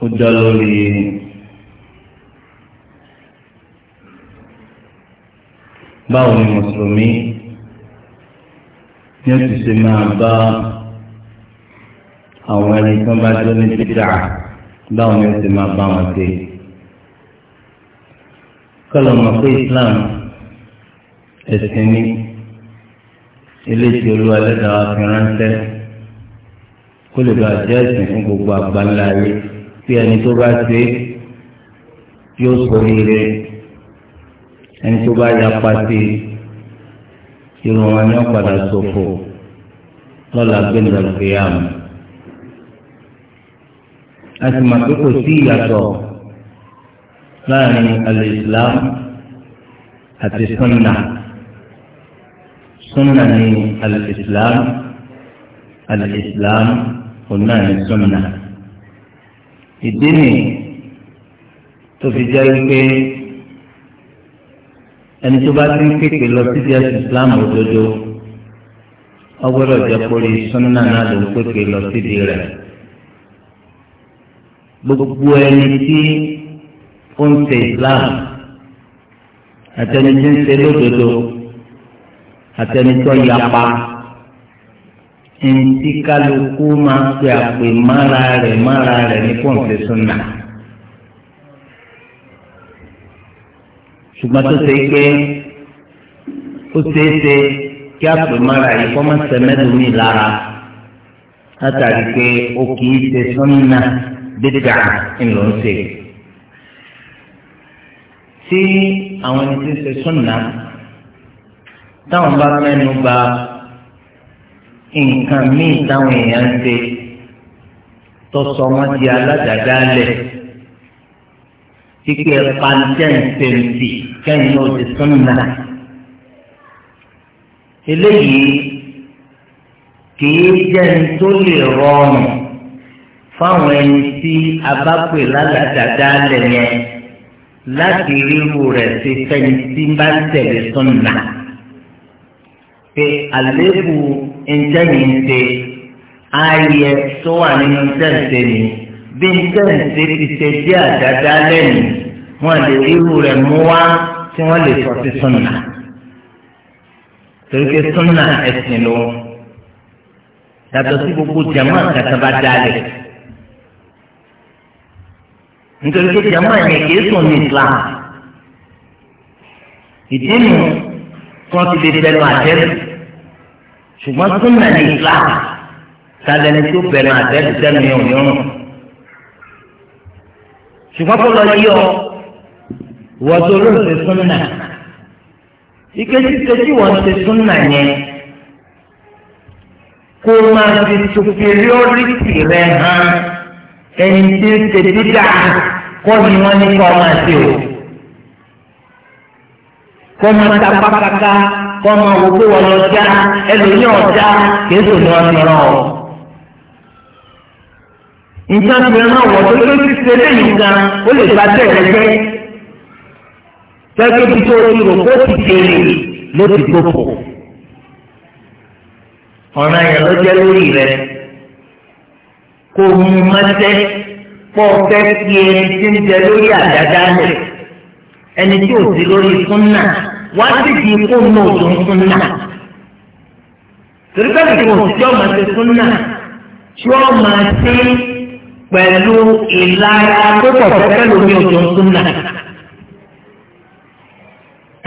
ó dá lórí báwo ni mùsùlùmí ní ó ti ṣe máa bá àwọn ẹni tó bá jọ ní títà báwo ni ó ti máa bá wọn ṣe kọlọ mọ̀ pé Islam ẹ̀sìn ní eléyìí olúwa lẹ́dàá fi ránṣẹ́ kó lè bàjẹ́ ẹ̀sìn fún gbogbo àgbáńlá yìí tí ẹni tó bá ṣe yóò sóríire ẹni tó bá ya pàṣẹ irun wọn yóò padà ṣòfò lọ́la gbẹ̀ndàgbéyàmù. a sì máa pé kò sí ìyàtọ̀ láàrin Islam, àti sunna sunna ni alìsílám alìsílám òun náà ni sunna ìdí nìyí tó fi jẹ́ wípé ẹni tó bá ti ń kéèké lọ sí díẹ̀ islam òdodo ọgbọ́dọ̀ jẹ́ kórè sunna náà ló ń kéèké lọ síbi rẹ̀ gbogbo ẹni tí ó ń ṣe islam àtẹni tí ń ṣe lódodo àtẹni tó yapa ntí kálukú máa ń pe àpè mára rẹ̀ mára rẹ̀ ní pọ́ǹsì súnà. ṣùgbọ́n tó ṣe pé ó ṣeé ṣe kí àpè mára yìí kọ́ máa ṣe mẹ́tòmí lára látàrí pé ó kì í ṣe súnà dídà ńlọ ń ṣe. tí àwọn ẹni tí ń ṣe súnà táwọn bá mẹ́nu bà nǹkan míì táwọn èèyàn ń ṣe tọ́sọ wọn di aládàáda lẹ̀ kíkẹ́ pàǹtẹ́ǹtẹ̀ǹtì kẹ́yìn náà ti sún nà. eléyìí kìí jẹ́ ní tó lè rọrùn fáwọn ẹni tí a bá pè lálàdàáda lẹ̀ yẹn láti ríru rẹ̀ ṣe fẹ́ni tí bá tẹ̀lé sún nà. pé àléébù ntẹ́yìn ń ṣe ayẹ tó wà nínú ntẹ́ǹṣe ni bí ntẹ́ǹṣe ti ṣe jẹ́ àdáda lẹ́nu wọn lè irú rẹ̀ mú wá tí wọ́n lè sọ sí súnà torí pé súnà ẹ̀sìn ló yàtọ̀ sí gbogbo jàmáà kàtà bá dálẹ̀ nítorí pé jàmáà yẹn kìí sùn ní Islam ìdí nu tí lè bẹ̀rù àtẹ́rù ṣùgbọ́n súnmọ́ ní islam sálẹ̀ni tó bẹ̀rẹ̀ àtẹ́lẹ̀ sẹ́mi òyìnbó ṣùgbọ́n kó lọ yí ọ wọ́n tó ló ṣe súnmọ́ ìkejì tí wọ́n ṣe súnmọ́ yẹn kó máa fi superiority rẹ̀ hàn ẹni tí ń ṣe dídá kọ́ ni wọ́n ní kọ́ máa ṣe o kọ́mọ ta pápákà kọ́mọ gbogbo wọn lọ já ẹlòmíì ọ̀já kéésù ni wọ́n ti rán ọ. nǹkan ti rán wọ̀ tó ló ti ṣe léyìí gan ó lè gba tẹ̀lé jẹ́. gẹ́gẹ́ bí tó ti rò kó ti kéré ló ti gbòpò. ọ̀ràn yẹn ló jẹ́ lórí rẹ̀ kó mú mọ́tẹ́ pọ̀ fẹ́ kí ẹni tí ń jẹ lórí àdáda rẹ̀ ẹni tí ò sí lórí súnà wá sí di kó nà òtún súnà torí pẹ́ẹ́lí kò sí ọmọ ti súnà tí ó máa ṣe ìlara tó pọ̀ pẹ́ẹ́lú mi òtún súnà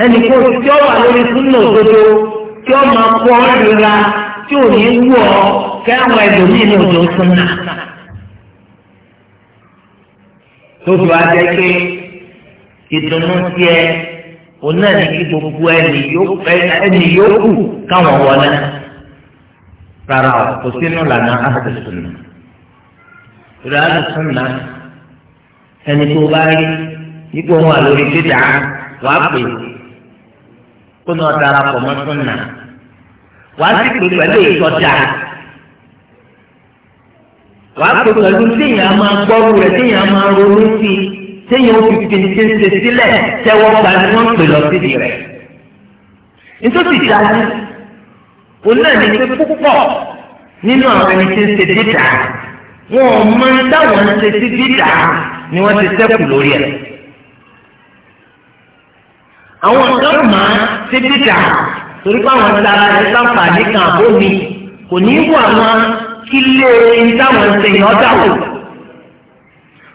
ẹni kò sí ọmọ lórí súnà òdodo tí ó máa kọ́ tí ò ní wù ọ́ kẹ́wọ̀n ẹ̀dọ̀mí ní òtún súnà tó fi wá jẹ́ pé ìdùnnú tiẹ̀ òun náà ní kí gbogbo ẹni yóò ẹni yóò kù káwọn wọlé rárá o kò sínú lànà àdùsùnà ìrẹ àdùsùnà ẹni tó bá rí ipò wọn lórí dídà wàá pè kó náà darapọ̀ mọ́ sùnà wàá sì pè pẹ̀lú ìtọ́jà wàá pè pẹ̀lú téèyàn máa gbọ́rù rẹ̀ téèyàn máa ronú sí i téèyàn ó fi kìíní ṣe ń ṣe sílẹ̀ tẹ́wọ́ gba ni wọ́n ń pè lọ síbi rẹ̀. nítorí ìjà ni òun náà ní pé púpọ̀ nínú àwọn ẹni tí ń ṣe dídà wọn ò mọ táwọn ń ṣe sí dídà ni wọ́n ti sẹ́kù lórí ẹ̀. àwọn ọ̀dọ́ máa ṣe dídà torí pé àwọn ọ̀dà kan àbómi kò ní í wọ kílé táwọn ṣe yọ̀ọ́dà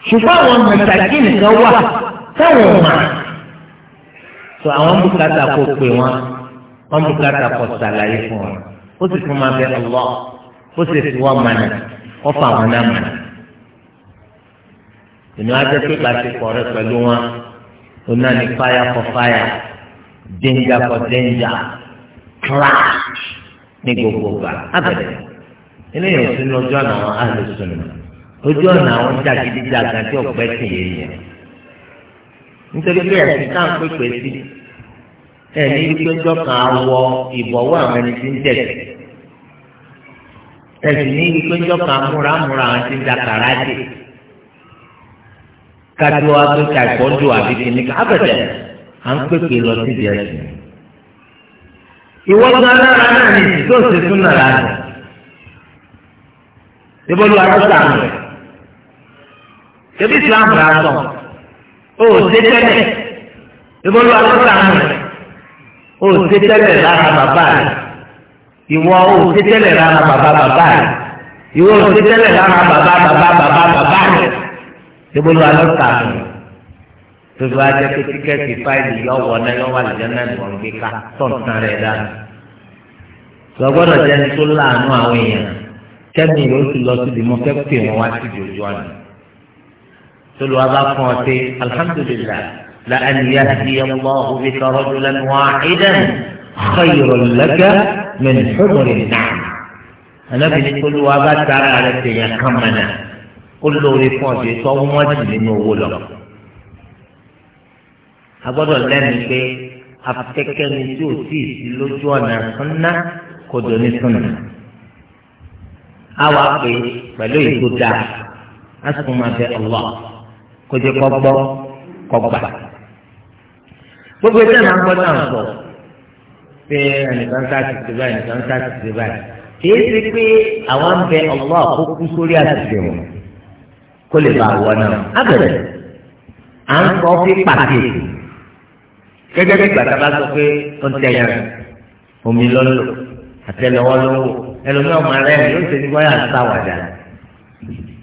ṣùgbọ́n àwọn mùsàkì nìkan wà táwọn ò mà tó àwọn bùkátà kò pè wọn wọn bùkátà kò sàlàyé fún wọn ó sì fún ma bẹ ọlọ ó sì fi wọn mànà wọn fà wọn náà mànà ìnú ajẹ́ pé ìbáṣepọ̀ rẹ pẹ̀lú wọn ó náà ní fáyà kọ fáyà danger for danger crash ní gbogbo gbà abẹ́rẹ́ eléyìí ò sí ní ọjọ́ àwọn àlùsùn náà ojú ọ̀nà àwọn jàgídíjàgà tí ọ̀pẹ sì yé yẹn nítorí pé ẹ̀sìn tá à ń pèpè sí ẹ̀mí gbẹ́jọ́ kan wọ ìbọ̀wọ́ àwọn ẹni tí ń tẹ̀sí ẹ̀sìn ní gbẹ́jọ́ kan múramúra àwọn tí ń da kàràdì kájú wa pé kàìkọ́ńdù àbí kìnnìkà ábẹ̀tẹ̀ à ń pèpè lọ sí ìdí ẹ̀sìn. ìwọ gan lára náà ní ìsìn tó ṣe tún náà lára rẹ̀. ìbọ̀lú àtúntà rẹ̀ ṣebí islam rà sọ o ṣe tẹ́lẹ̀ ìbọn lọ àkọsà rẹ o ṣe tẹ́lẹ̀ lára bàbá rẹ ìwọ o ṣe tẹ́lẹ̀ lára bàbá bàbá rẹ ìwọ o ṣe tẹ́lẹ̀ lára bàbá bàbá bàbá bàbá rẹ ìbọn lọ àkọsà rẹ tòlù ajẹ pé tíkẹ́ẹ̀tì fáìlì yọ wọ náà yọ wà lẹ́jọ́ náà lọ́n gbé ká tọ̀ǹtàn rẹ̀ dáa. lọ gbọ́dọ̀ jẹ́ ní tó láàánú àwọn èèyàn kẹ́mi yóò ti lọ síbi mọ́ kẹ́pì wọn wá síbi ojú ọ̀nà. تلوضع فوتي الحمد لله لأن يهدي الله بك رجلا واحدا خير لك من حمر النعم أنا بنقول وابد على الدنيا كمنا كل رفوجي صوم وجل وغلق أقول لهم له ni tí o sì sí lójú ọ̀nà súnná kò dùn ní súnná. a wàá pè pẹ̀lú ìgbóda a sì máa bẹ ọlọ́ kó jẹ́ kó gbọ́ kó gbà. gbogbo ẹgbẹ́ máa ń gbọ́ náà sọ pé ẹnìkan ká ti ṣe báyìí ẹnìkan ká ti ṣe báyìí kìí ṣe pé àwọn ń bẹ ọgbọ́n àkókò sórí àtìṣe wọn kó lè bá wọ náà ábẹ̀rẹ̀ à ń sọ fí pàtàkì gẹ́gẹ́ bí gbàtà bá sọ pé ó ń tẹ̀yà omi lọ́lọ́ àtẹlẹwọ́ ẹlòmíràn máa rẹ̀ ló ń ṣe ní bọ́yà sáwàdà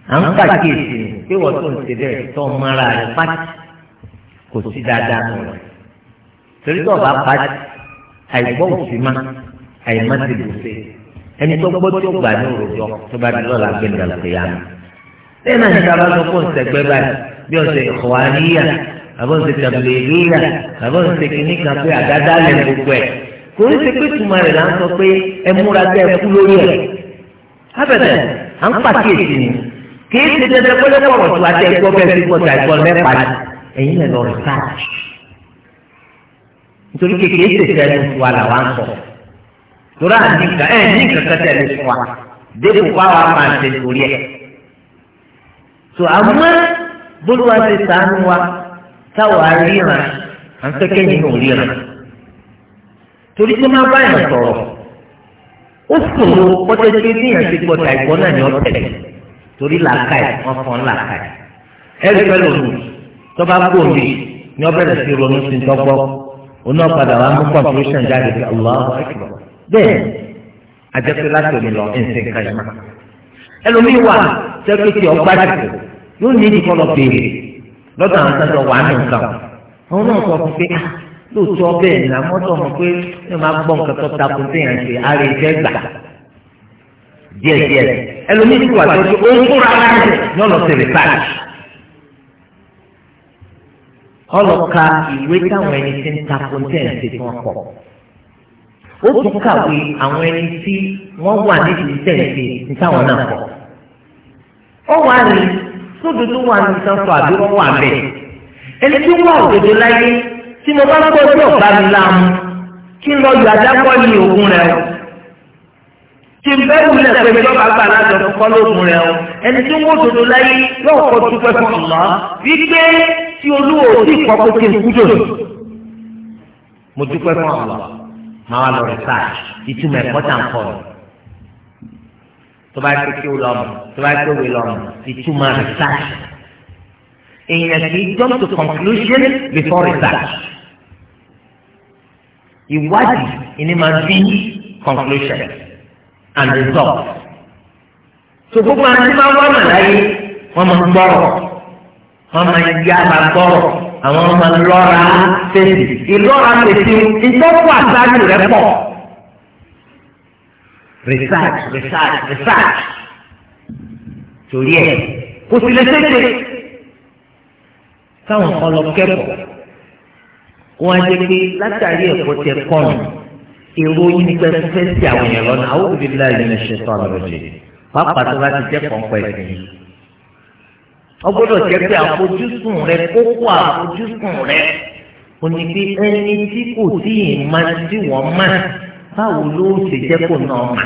à ń pàkíyèsí ni pé wọ́n tó ń ṣe bẹ́ẹ̀ tó ń mọ́ra rẹ̀ pàtì kò sí dáadáa nù rẹ̀ torí tó bá pàtì àìgbọ́ òsì má àìmọ́ ti bù ṣe ẹni tó gbọ́ tó gbà ní òròjọ́ tó bá di lọ́la gbẹ̀dẹ̀ lọ́kẹ́yà mi. lẹ́yìn náà níta bá sọ fún ìṣẹ̀gbẹ́ báyìí bí ọ̀sẹ̀ ìkọ̀wáníyà àbọ̀ ọ̀sẹ̀ tàbílẹ̀yà àbọ̀ ọ̀sẹ̀ kìíní kan pé àdáda lẹ̀ gbogbo ẹ̀ kò ní ṣe pé tùmọ̀ rẹ̀ là ń sọ pé ẹ múra tẹ́ ẹ kú lórí ẹ̀. ábẹ̀tẹ̀ à ń pàkíyèsí ni kìí ṣe dandan pé lọ́pọ̀ tó àti ẹ̀gbọ́ bẹ́ẹ̀ sí pọ̀tà ẹ̀gbọ́ mẹ́pàá ni ẹ̀yin lè lọ rìsáàjì nítorí kékeré ṣèṣẹ́ ẹni fún wa làwa ń sọ torí àti nǹkan ẹ̀ ní nǹkan kan tẹ̀lé fún wa dépò báwa máa ṣe torí ẹ̀ tó àmọ́ bólúwa ti sànú wa táwa ríran à ń fẹ́kẹ́ yìí ò ríran torí tí máa bá yàn sọ̀rọ̀ ó sòro pọ́tẹ́tẹ́ bí yàn ti gbọ́dọ̀ àìgbọ́ náà ni ó tẹ̀lé torí làákàyè wọn fọn làákàyè ẹrí pẹ̀lú òun tọba gbòòmì ni wọn bẹ̀rẹ̀ sí ronú sí tọgbọ òun náà padà wà mú conclusion jáde pé Allahu Akbar bẹ́ẹ̀ ajẹpẹ láti òní lọ ẹnsẹ kàyọmọ ẹlòmíì wà sẹkítì ọgbà jù yóò ní ìdíkọ lọ béèrè lọ́dọ̀ àwọn sẹsọ wà á nìkan àwọn náà sọ fún pé ah, lóòótọ́ bẹ́ẹ̀ ni àmọ́ sọ fún pé ẹ máa gbọ́ nǹkan tó takùn sí yẹn ṣe àrèjẹ gbà díẹ̀ díẹ̀ ẹlòmíì ti wà tó ó ń kóra ara rẹ̀ yóò lọ sí rìsáàjì. ọlọ́ka ìwé táwọn ẹni tí ń takò ń tẹ̀ ṣe fún ọkọ̀ ó tún kàwé àwọn ẹni tí wọ́n wà nídìí tẹ̀sí ní táwọn náà kọ̀. ó wà ní sódòdó wà ní sanfọ àbí wọ́n wà bẹ́ẹ̀ ẹni tí wọ́n òdodo láyé tí mo bá gbọ́ ọjọ́ ọ̀gá mi láàmú kí n lọ yọ àdákọ́ ní òògùn rẹ̀ o tí bẹ́ẹ̀ wù lẹ̀ pé ìjọba gbà láti ọ̀dọ̀ kọ́ lóògùn rẹ̀ o ẹni tí wọ́n dodo láyé yóò kọ́ dúpẹ́ fún ọ̀nà wípé tí olúwo sì kọ́ kó kí n kújò mo dúpẹ́ fún ọ̀nà máa wá lọ research ìtumọ̀ ẹ̀kọ́ tà ń kọ́ ọ tó bá ké kí o lọ mọ̀ tó bá ké wé lọ mọ̀ ìtumọ̀ research èèyàn kì í jump to conclusion before research ìwádìí ìní máa bí conclusion and results. so gbogbo àwọn tí wọ́n wá mà láyé wọ́n máa gbọ́rọ̀ wọ́n máa yá ma gbọ́rọ̀ àwọn ọmọ lọ́ra fèsì ìlọ́ra fèsì ìtọ́kù àtàlù rẹ̀ pọ̀ research research research torí ẹ̀ kò sì lè tètè káwọn kan lọ kẹ́kọ̀ọ́ wọ́n á jẹ́ pé látàrí ẹ̀kọ́ tẹ kọ́nù èrò yín ni pẹ́ẹ́ fẹ́ sí àwọn èèyàn lọ́nà àwọn òbí láì ní ṣe sọ ọ̀rọ̀ jẹ pápá tó bá ti jẹ́ pọ̀npọ̀ ẹ̀sìn yìí. ọgbọ́dọ̀ jẹ́ pé àfojúsùn rẹ kókó àfojúsùn rẹ ò ní bí ẹni tí kò tí ì má tí wọ́n má báwo ló ṣe jẹ́ kó náà má.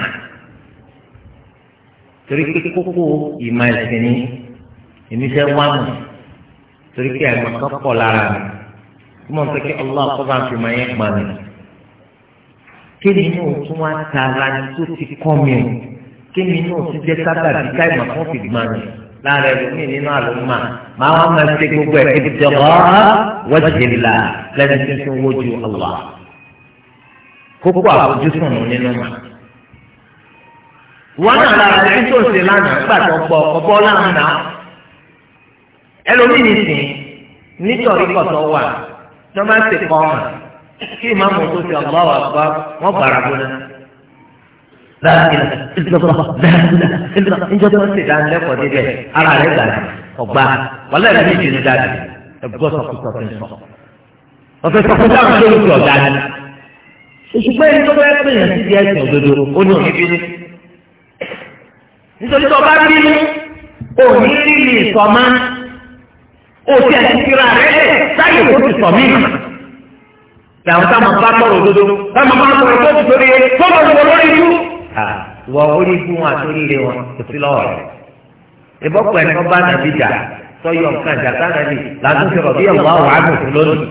torí pé kókó ìmọ̀ ẹ̀sìn ni èmi fẹ́ wá mọ̀ torí pé àìmọ̀ pọ̀ lára mi. mo ń fẹ́ kí ọlọ́ kémi náà tún wá tara ní tó ti kọ́ mi o kémi náà tún jẹ́ sábàbí káìmọ̀ fún fìdímọ̀ mi lára ẹlòmí nínú àlùmọ́ máa wá máa ṣe gbogbo ẹ̀ kí jọ̀bọ́ wọ́jìlá lẹ́ni tí ń tún wójú ọ̀la kókó àfojúsùn nínú mà. wọ́n náà lára ẹni tó ṣe lánàá gbà gbọ́ ọ̀pọ̀ lánàá ẹlòmí nìsín nítorí kọ̀tọ̀ wà tó máa ń ṣe kọ́ ọ̀hún kí ìmáàmù tó ti ọ̀gbá wà pa wọ́n bàrà bọ́lá láàbìlà ìdílọ́gbọ́n láàbìlà ìdílọ́gbọ́n ìjọ tó ń ṣe ìdánilẹ́kọ̀ọ́ níbẹ̀ ara rẹ̀ gbà ọ̀gbà wàlẹ́ rẹ̀ méjì ní dáadé ẹ̀gbọ́n sọ fún sọfún sọ ọ̀fẹ́ sọ fún sáwọn tó ọ̀gá ni òṣùpẹ́ ẹni tó bá pè yàn sí ẹ̀sìn òdodo ó ní òní bínú nítorí tó bá bínú òní lílì ìsọmá òsì ẹ̀sìn kíra rẹ̀ láyé kó ti sọ làwọn táwọn bá tọrọ òdodo táwọn bá tọrọ tó ti torí rẹ tó bá tọrọ lórí ikú. wọ orí ikú wọn àtòrí rẹ wọn kò sí lọ́wọ́ rẹ ìbọ̀pọ̀ ẹ̀ tó bá nàbí jà sọ́yọ̀ nǹkan jà sánàbí làtún fi rọ̀bí ọ̀wọ́ àwọn àgùn lónìí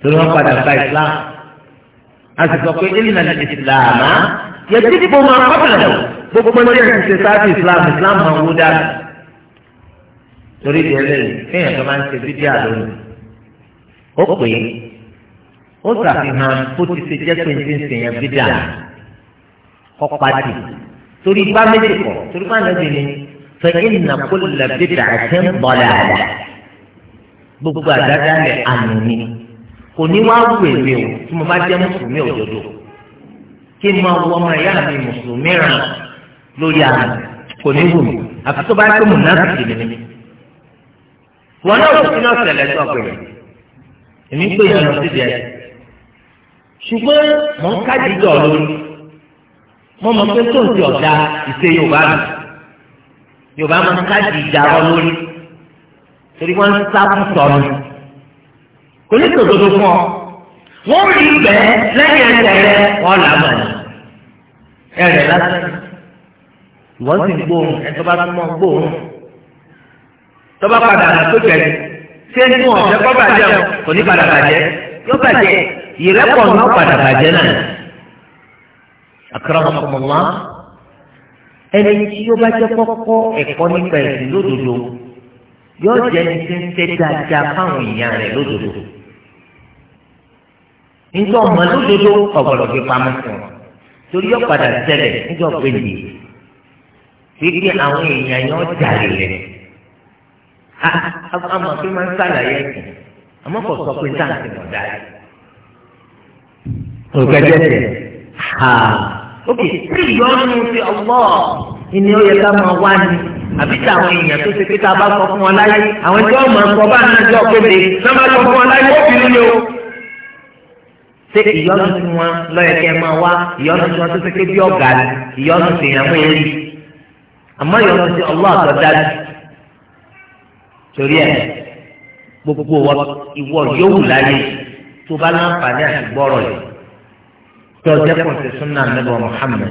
torí wọn padà gba Islam a sì sọ pé ìlànà ìsìlámà yẹtí tí mo máa lọ gbogbo ní ẹ̀sìn ṣe sáájú Islam Islam máa wó dáa torí ìdí ẹlẹ́yìn kéèyàn tó máa ó pè é ó ṣàfihàn bó ti ṣe jẹ́ pé ní ṣe yẹn bídà kọ́ pàdé torí bá méjì kọ̀ torí bá nàbì ni fẹ́yìn nà kó lè bídà ṣe ń bọ̀lẹ̀ àlẹ́ gbogbo àdáda lẹ̀ àná ni kò ní wá wù èmi o tí mo bá jẹ́ mùsùlùmí òdodo kí n máa wọ ọmọ ìyá mi mùsùlùmí ràn lórí àná kò ní wù mí àfi tó bá tó mùnà sí mi. wọn náà kò sí náà ṣẹlẹ̀ sọ pé èmi ń pè yín lọ síbi ẹsẹ̀ ṣùgbọ́n mò ń kájí jọ lórí mo mọ̀ pé tó ń ti ọ̀dà ìṣe yorùbá mi yorùbá máa ń kájí ìjà ọ lórí torí wọ́n ń sábà sọ̀rọ̀ kò ní tòdodo fún ọ wọ́n rí bẹ́ẹ̀ lẹ́yìn ẹsẹ̀ rẹ wọ́n là mọ̀ ní ẹ̀rẹ̀ lásán ìwọ́n sì ń gbóhùn ẹ̀ tó bá tún mọ́ gbóhùn tó bá padà nà tó ṣé ní wọn fẹ́ kọ́ bàjẹ́ o kò ní padà bàjẹ́ yóò bàjẹ́ ìrẹ́pọ̀ náà padà bàjẹ́ náà. akramakumullah ẹni tí yóò bá jẹ́ kọ́kọ́ ẹ̀kọ́ nípa ẹ̀sìn lódodo yóò jẹ́ ní ti ń tẹ́ dáadáa fáwọn èèyàn rẹ̀ lódodo. nígbà ọmọ lódodo ọ̀gbọ̀dọ̀ fi pamọ́ fún wọn torí yóò padà ṣẹlẹ̀ nígbà ọ̀gbẹ́ni wípé àwọn èèyàn yóò jà ha ama máa ń sàlàyé àmọ́ kò sọ pé dáǹtì mọ̀ dáa. Òkè jẹ́sẹ̀ ha òkè tí ìyọ́nù ti ọ̀gbọ́ ìní ó ká máa wá àbí èèyàn tó ṣe pé tá a bá sọ fún wọn láyé àwọn tí wọn máa bá náà jọ pébè náà bá sọ fún wọn láyé ó fi nílé o ṣé ìyọ́nù tí wọn lọ́yẹ̀ kẹ́ máa wá ìyọ́nù tí wọn tó ṣe pé bí ọ̀gá ìyọ́nù tí èèyàn yẹn rí àmọ́ ìyọ́nù torí ẹ̀ gbogbo ìwọ yóò láyé tó bá láǹfààní àti gbọ́rọ̀ yìí tó jẹ́ kòtò súnà níbọ̀ Muhammad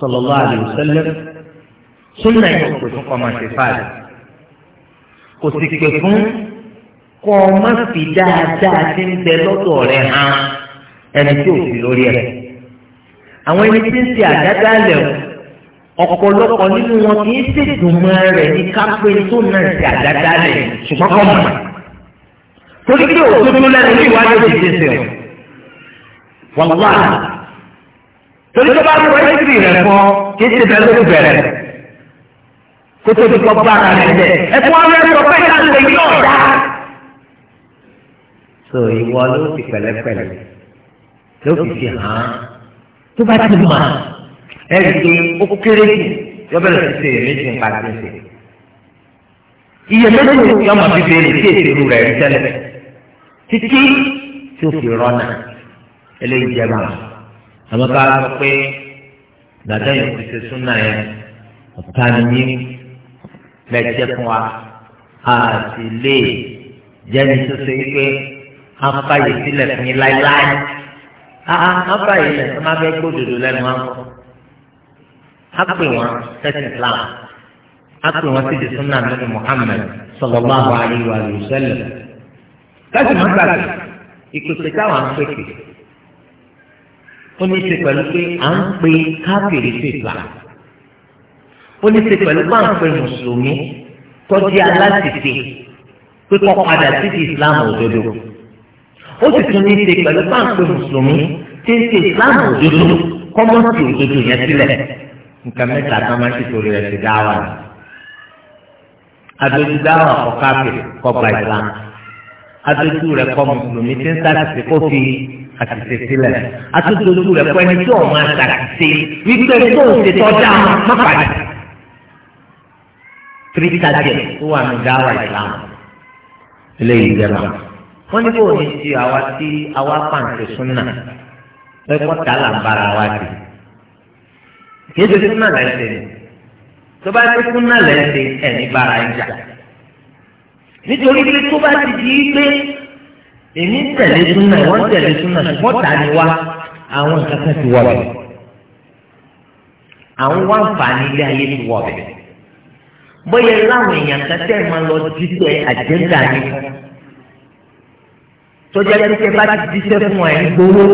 sallallahu alaihi wasallam súnà yìí kò fún kọ́má ti fàlẹ̀ kò sì pè fún kọ́má fi dáadáa ti ń bẹ lọ́dọ̀ rẹ̀ hàn ẹni tí ò sí lórí ẹ̀ àwọn ẹni tí ń ṣe àdáda lẹ̀ wọ́n ọ̀pọ̀lọpọ̀ nínú wọn kì í ṣèdùnmọ́ rẹ̀ ní kápẹ́ tó náà ṣe àdáda rẹ̀ ṣùgbọ́n kọ́ mọ̀. torí pé òtútù lẹ́nu ní ìwádìí ti ṣe sẹ̀ wàlúwà. torí tó bá ń wọ́n ẹ́sìrì rẹ̀ fọ́ kì í ṣe bẹ́ẹ̀ ló bẹ̀rẹ̀ kó tó ti kọ́ bá ara rẹ̀ jẹ́ ẹ̀fọ́ rẹ̀ sọ pé ká lè yí ọ̀dà. so ìwọ ló fi pẹ̀lẹ́pẹ̀lẹ́ ló fi fi hàn án tó bá ti mọ̀ ẹ̀rí pé ó kó kéré jù yọ́bẹ̀rẹ̀ sí ṣe èméjì ń pàṣẹ ṣe. iye méjì yọ máa fi béèrè sí èsèrú rẹ̀ rí tẹ́lẹ̀ títí tí ó fi rọ́nà eléyìí jẹ́ máa. àmọ́ ká sọ pé dàdá yìí ti ṣe súnà yẹn ọ̀tá ni mí lẹ́jẹ́ fún wa a lè jẹ́ni tó ṣe pé a sílẹ̀ fún yín láéláé. a fàyè sílẹ̀ tó máa fẹ́ gbódòdó lẹ́nu àwọn hápè wọn sẹ́sìn Islam hápè wọn sì di súnà nínú Muhammad sallallahu alaihi wa sallam. láti má gbàgbé ìpèsè táwọn ń pèsè ó ní ṣe pẹ̀lú pé à ń pe káfíìrì sí Islam ó ní ṣe pẹ̀lú pé à ń pe mùsùlùmí tọ́jú aláṣìṣe pé kọ́ padà sí ti Islam òdodo ó sì tún ní ṣe pẹ̀lú pé à ń pe mùsùlùmí tí ń ṣe Islam òdodo kọ́mọ́sì òdodo yẹn sílẹ̀ nǹkan mẹ́ta tó máa ń ṣètò rẹ̀ ṣe dáwà ni adójú dáwà kọ káfíìn kọ gba islam adójú rẹ̀ kọ mùsùlùmí tí ń sáré kó fi àtìsí sílẹ̀ adójú rẹ̀ kọ ẹni tí òun máa ṣàtìsí wípé tó ń ṣe tọ́jà má pàdé tírísàjẹ tó wà ní dáwà islam eléyìí jẹ́ bàbá wọ́n ní kò ní ti àwa tí àwa pàǹtí súnà ẹ̀kọ́ tààlà ń bára wa dì í kì í ṣe súnà lẹ́sẹ̀ ni tó bá ti súnà lẹ́sẹ̀ ẹ̀ní bára ń jà nítorí pé tó bá ti di pé èmi ń tẹ̀lé súnà wọ́n ń tẹ̀lé súnà ṣùgbọ́n tà ní wá àwọn nǹkan kan ti wọ̀ bẹ̀ àwọn wá nfààní ilé ayé ti wọ̀ bẹ̀ bóyá láwọn èèyàn kan tẹ́ máa lọ jíjẹ àjẹ́ńdà ni tọ́jà yẹn tẹ́ bá ti jíṣẹ́ fún ẹ̀ ń gbowó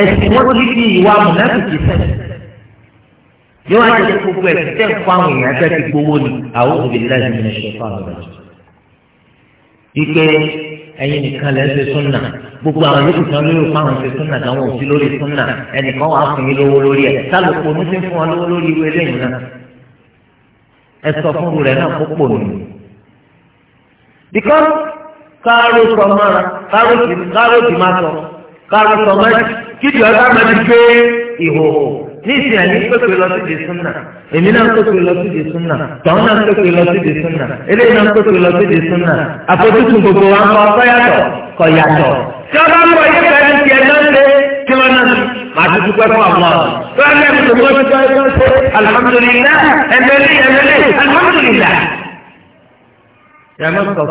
ẹ̀sìn wọn ti di ìwà mùnáfìkì sẹ́yìn yóò wá jẹ gbogbo ẹ tẹ ń kó àwọn èèyàn tẹ ti gbowó ni àwọn òbílẹ̀ ní ní ṣe fáwọn ọ̀rọ̀ jù. wípé ẹ̀yin nìkan lẹ́ ń ṣe súnà gbogbo àwọn yòókù kan lórí fáwọn ṣe súnà táwọn ò sí lórí súnà ẹnìkan wàá fún yín lówó lórí ẹ̀ sálòpọ̀ ní ti fún wọn lówó lórí ìwé lẹ́yìn náà ẹ sọ fún rẹ náà kó nù. because káàró sọ máa káàró sì máa sọ káàró sọ máa kí ìjọba máa ní ìsìn àyè pépè lọ sí di súnà èmi náà pépè lọ sí di súnà tọ́hún náà pépè lọ sí di súnà eléyìí náà pépè lọ sí di súnà àfojúsùn gbogbo wa kọ́ kọ́yàtọ̀ kọ́yàtọ̀. tí wọ́n bá ń bọ̀ yíká ẹni tiẹ̀ náà lé kí wọ́n náà máa ti dúpẹ́ fún àwọn ọ̀rọ̀. tí wọ́n náà tó wọ́n tó wọ́n tó alihamudulilayi ẹ̀mẹ́lẹ́ ẹ̀mẹ́lẹ́ alihamudulilayi. ìyá mẹ́kọ̀ọ́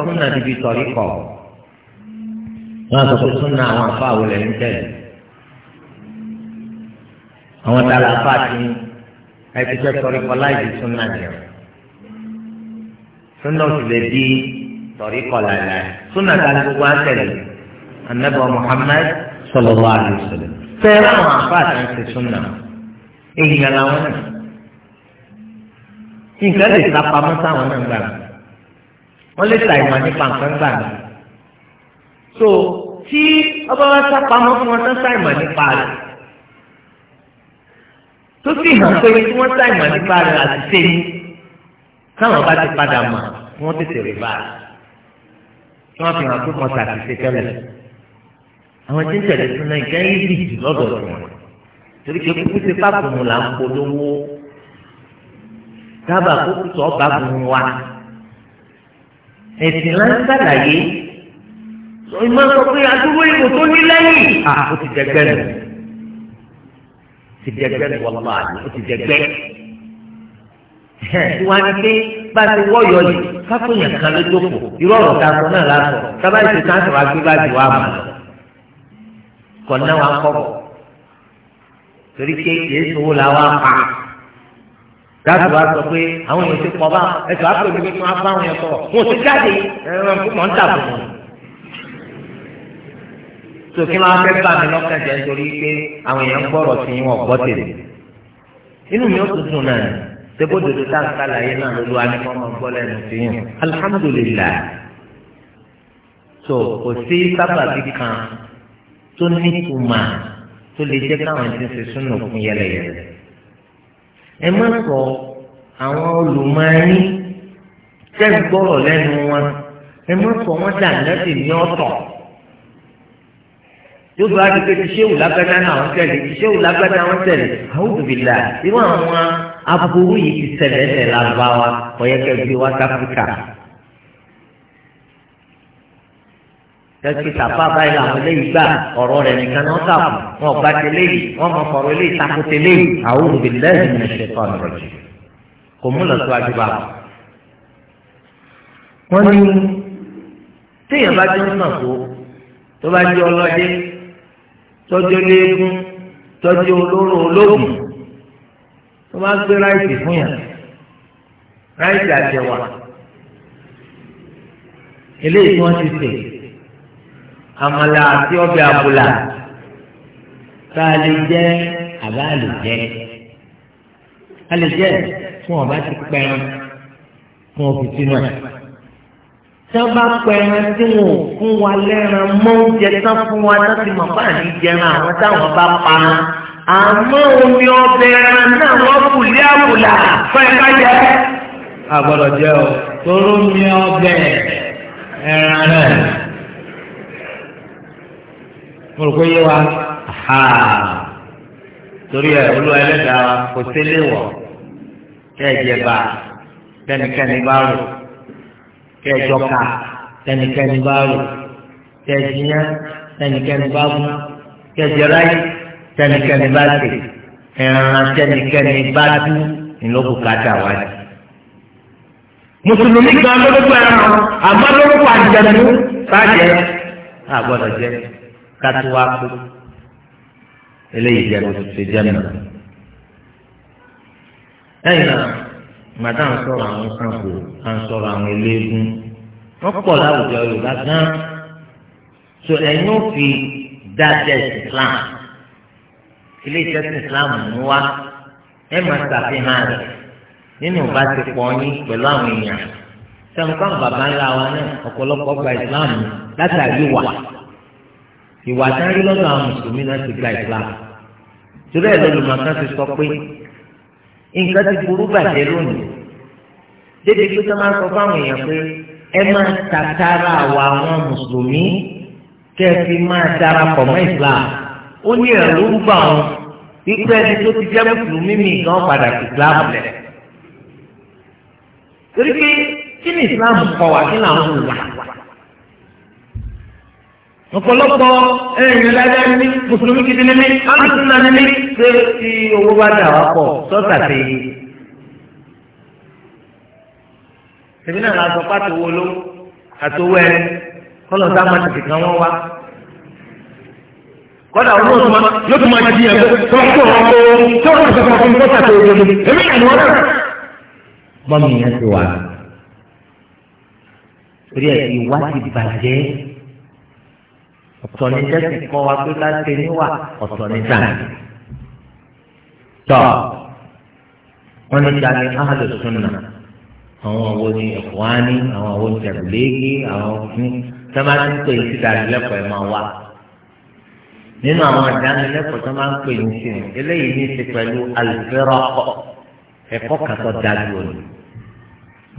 fún àwọn tá a la fa ti ẹ ti fẹ́ tọrí kọ láì di súnà jẹ súnà ò sì lè di tọrí kọ làlà súnà ta ni gbogbo àtẹlẹ anabi Muhammad sallallahu alaihi wasallam fẹ́ẹ́rẹ́ àwọn afa àti ẹsẹ súnà èèyàn làwọn náà nǹkan lè ta pamọ́ sáwọn náà gbà wọ́n lè ta ìmọ̀ nípa nǹkan gbà so tí ọba wa sá pamọ́ fún wọn tán sá ìmọ̀ nípa rẹ̀ tó sì hàn pé tí wọ́n sáì mọ̀ nípa rẹ̀ àti sẹ́yìn táwọn bá ti padà mọ̀ wọ́n tètè rí bá a tí wọ́n fi hàn pé wọ́n ṣàtìṣe tẹ́lẹ̀ àwọn tí ń tẹ̀lé sí náà ìkẹ́ yìí jù lọ́dọ̀ wọn torí pé kúkú ti bá bùn là ń polówó dábàá kúkú tó bá bùn wa ẹ̀sìn là ń sàlàyé ìmọ̀ sọ pé adúgbò ìbò tó ní lẹ́yìn à ti dẹgbẹ́ nù ti dẹgbẹ́ wọlọ́mọ àná ó ti dẹgbẹ́. wọ́n á dé bá ti wọ́yọ̀ yìí káfíńyàn kan ló jókòó irú ọ̀rọ̀ ta sọ náà lásọ sábà ìṣe ká sọ̀rọ̀ agbébájú wa mọ̀ kọ̀ọ̀nà wa kọ̀ torí pé kìí sowó la wá pa dáàbò wa sọ pé àwọn èèyàn ti pọ̀ bá ẹ̀sọ́ àpèmí pé wọ́n á yẹn sọ̀rọ̀ wọn ti jáde ẹ̀rọ fún mọ́ńtà fún sòkè máa fẹ́ bá mi lọ́kàn jẹ́ nítorí pé àwọn èèyàn gbọ́rọ̀ sí wọn gbọ́ tèmi inú mi ó tuntun náà sebo dodo tá a sàlàyé náà lólu anìkọ́ máa gbọ́ lẹ́nu sí yẹn alihamudulilayi so kò sí sábàbí kan tó ní ìtumà tó lè jẹ́ káwọn ti ṣe súnà fún yẹlẹyẹlẹ ẹ má sọ àwọn olùmọ̀ọ́ni tẹ́ gbọ́rọ̀ lẹ́nu wọn ẹ má sọ wọ́n dà lẹ́sìn ní ọ̀tọ̀ yóò bá di pé tíṣéwù lágbádá náà wọ́n tẹ̀lé tíṣéwù lágbádá wọ́n tẹ̀lé àwùjọ bìlà irú àwọn aburú yìí ti ṣẹlẹ̀ ẹ̀sẹ̀ lárúbáwá ọ̀yẹ́kẹ́ bíi west africa. tẹ́sí sàfà báyìí làwọn eléyìí gbà ọ̀rọ̀ rẹ̀ nìkan náà kà fún wọn gba tẹ́lẹ̀ yìí wọ́n mọ fọ̀rọ̀ eléyìí takùtẹ̀ léyìí àwùjọ bìlà yìí ní ṣe kọ́ ní téèyàn bá tọ́jú léegun tọ́jú olóró olóògùn tó bá gbé ráìsì fún yàn ráìsì àtẹwà eléyìí tí wọ́n ti sè àmàlà àti ọbẹ̀ àbùlà tá lè jẹ àbá lè jẹ a lè jẹ fún ọba ti pẹ́ràn fún òfin sínú tí wọ́n bá pẹ ẹran tí wọn ò fún wa lẹ́ran mọ́ oúnjẹ tán fún wa láti mọ̀ bá ní jẹran àwọn táwọn bá pa á. àmọ́ omi ọbẹ̀ ẹran náà wọ́n kù lé àbùlà fún ẹ̀ka jẹ. àgbọ̀dọ̀ jẹ́ o toró mi ọbẹ̀ ẹran náà. mo rò pé yé wa torí ẹ olúwa ẹlẹ́dàá kò sílé wọ̀ kẹ́ bá kẹ́nikẹ́ni bá rò kẹjọ ká tẹnikẹ́ni bá rò kẹjìyàn tẹnikẹ́ni bá mú kẹjẹráyé tẹnikẹ́ni bá tè ẹran tẹnikẹ́ni bá dú ìlókù kájà wáyé. mùsùlùmí gan lórúkọ ẹran àmọ́ lórúkọ àjẹmú bàjẹ́ àgbọ̀dọ̀ jẹ́ kátúwá kú eléyìí jẹ́ kó ti jẹ́ mọ́ màtá ń sọ̀rọ̀ àwọn kanko à ń sọ̀rọ̀ àwọn eléégún wọ́n pọ̀ láwùjọ yorùbá gan so ẹ̀yin ò fi dáadẹ́ islam ilé ìtẹ́sí islam mú wa ẹ̀ máa ṣàfihàn rẹ̀ nínú ìbáṣepọ̀ yín pẹ̀lú àwọn èèyàn sẹ́wọ̀n bàbá ńlá wa náà ọ̀pọ̀lọpọ̀ gba islam látàrí wà ìwà sáré lọ́dọ̀ àwọn mùsùlùmí náà ti gba islam torí ẹ̀ lọ́lùmọ̀ kan ti sọ pé nǹkan ti burú bàjẹ́ lónìí débi pé tó máa ń sọ fáwọn èèyàn pé ẹ máa tàtàrà àwa àwọn mùsùlùmí kẹ́ ẹ fi máa darapọ̀ mọ́ Islam ó ní ẹ̀rọ rúbà wọn ikú ẹni tó ti jẹ́ mùsùlùmí mi gan padà sí Islam lẹ̀ torí pé kí ni Islam kọ wá kí làwọn wù wá ọ̀pọ̀lọpọ̀ ẹ̀rìn ládàá ní mùsùlùmí kìí ní ní àtúnà ní ní ṣé tí owó bá dà wá pọ̀ sọ́tà sí i. èmi náà lásán pàtó owó ló àtòwó ẹ kọ́lọ̀ sá máa tètè kan wọ́n wá. kọ́dà owó tó máa yóò tó máa di ẹ̀kọ́ tó ń kó ọkọ̀ tó ń kó ọkọ̀ tó tàbí ojoojú èmi náà ni wọ́n náà. mọ́mí yẹn ti wà. torí ẹ̀ ìwádìí bàjẹ́ ọ̀tọ̀ ní tẹ́sí kọ́ wa pé ká ṣe níwà ọ̀tọ̀ ní sáàmì. tọ́ wọ́n ní ta ni ahàlù sunna àwọn àwo ni ẹ̀kọ́wání àwọn àwo tẹ̀légi àwọn ní tẹ́mátì pé ní síta lẹ́kọ̀ọ́ ẹ̀ máa wá. nínú àwọn àdánilẹ́kọ̀ọ́ tó máa ń pè ní sinmi eléyìí ní ti pẹ̀lú alifẹ́rọ́kọ̀ ẹ̀kọ́ kàtọ́ dájú òní.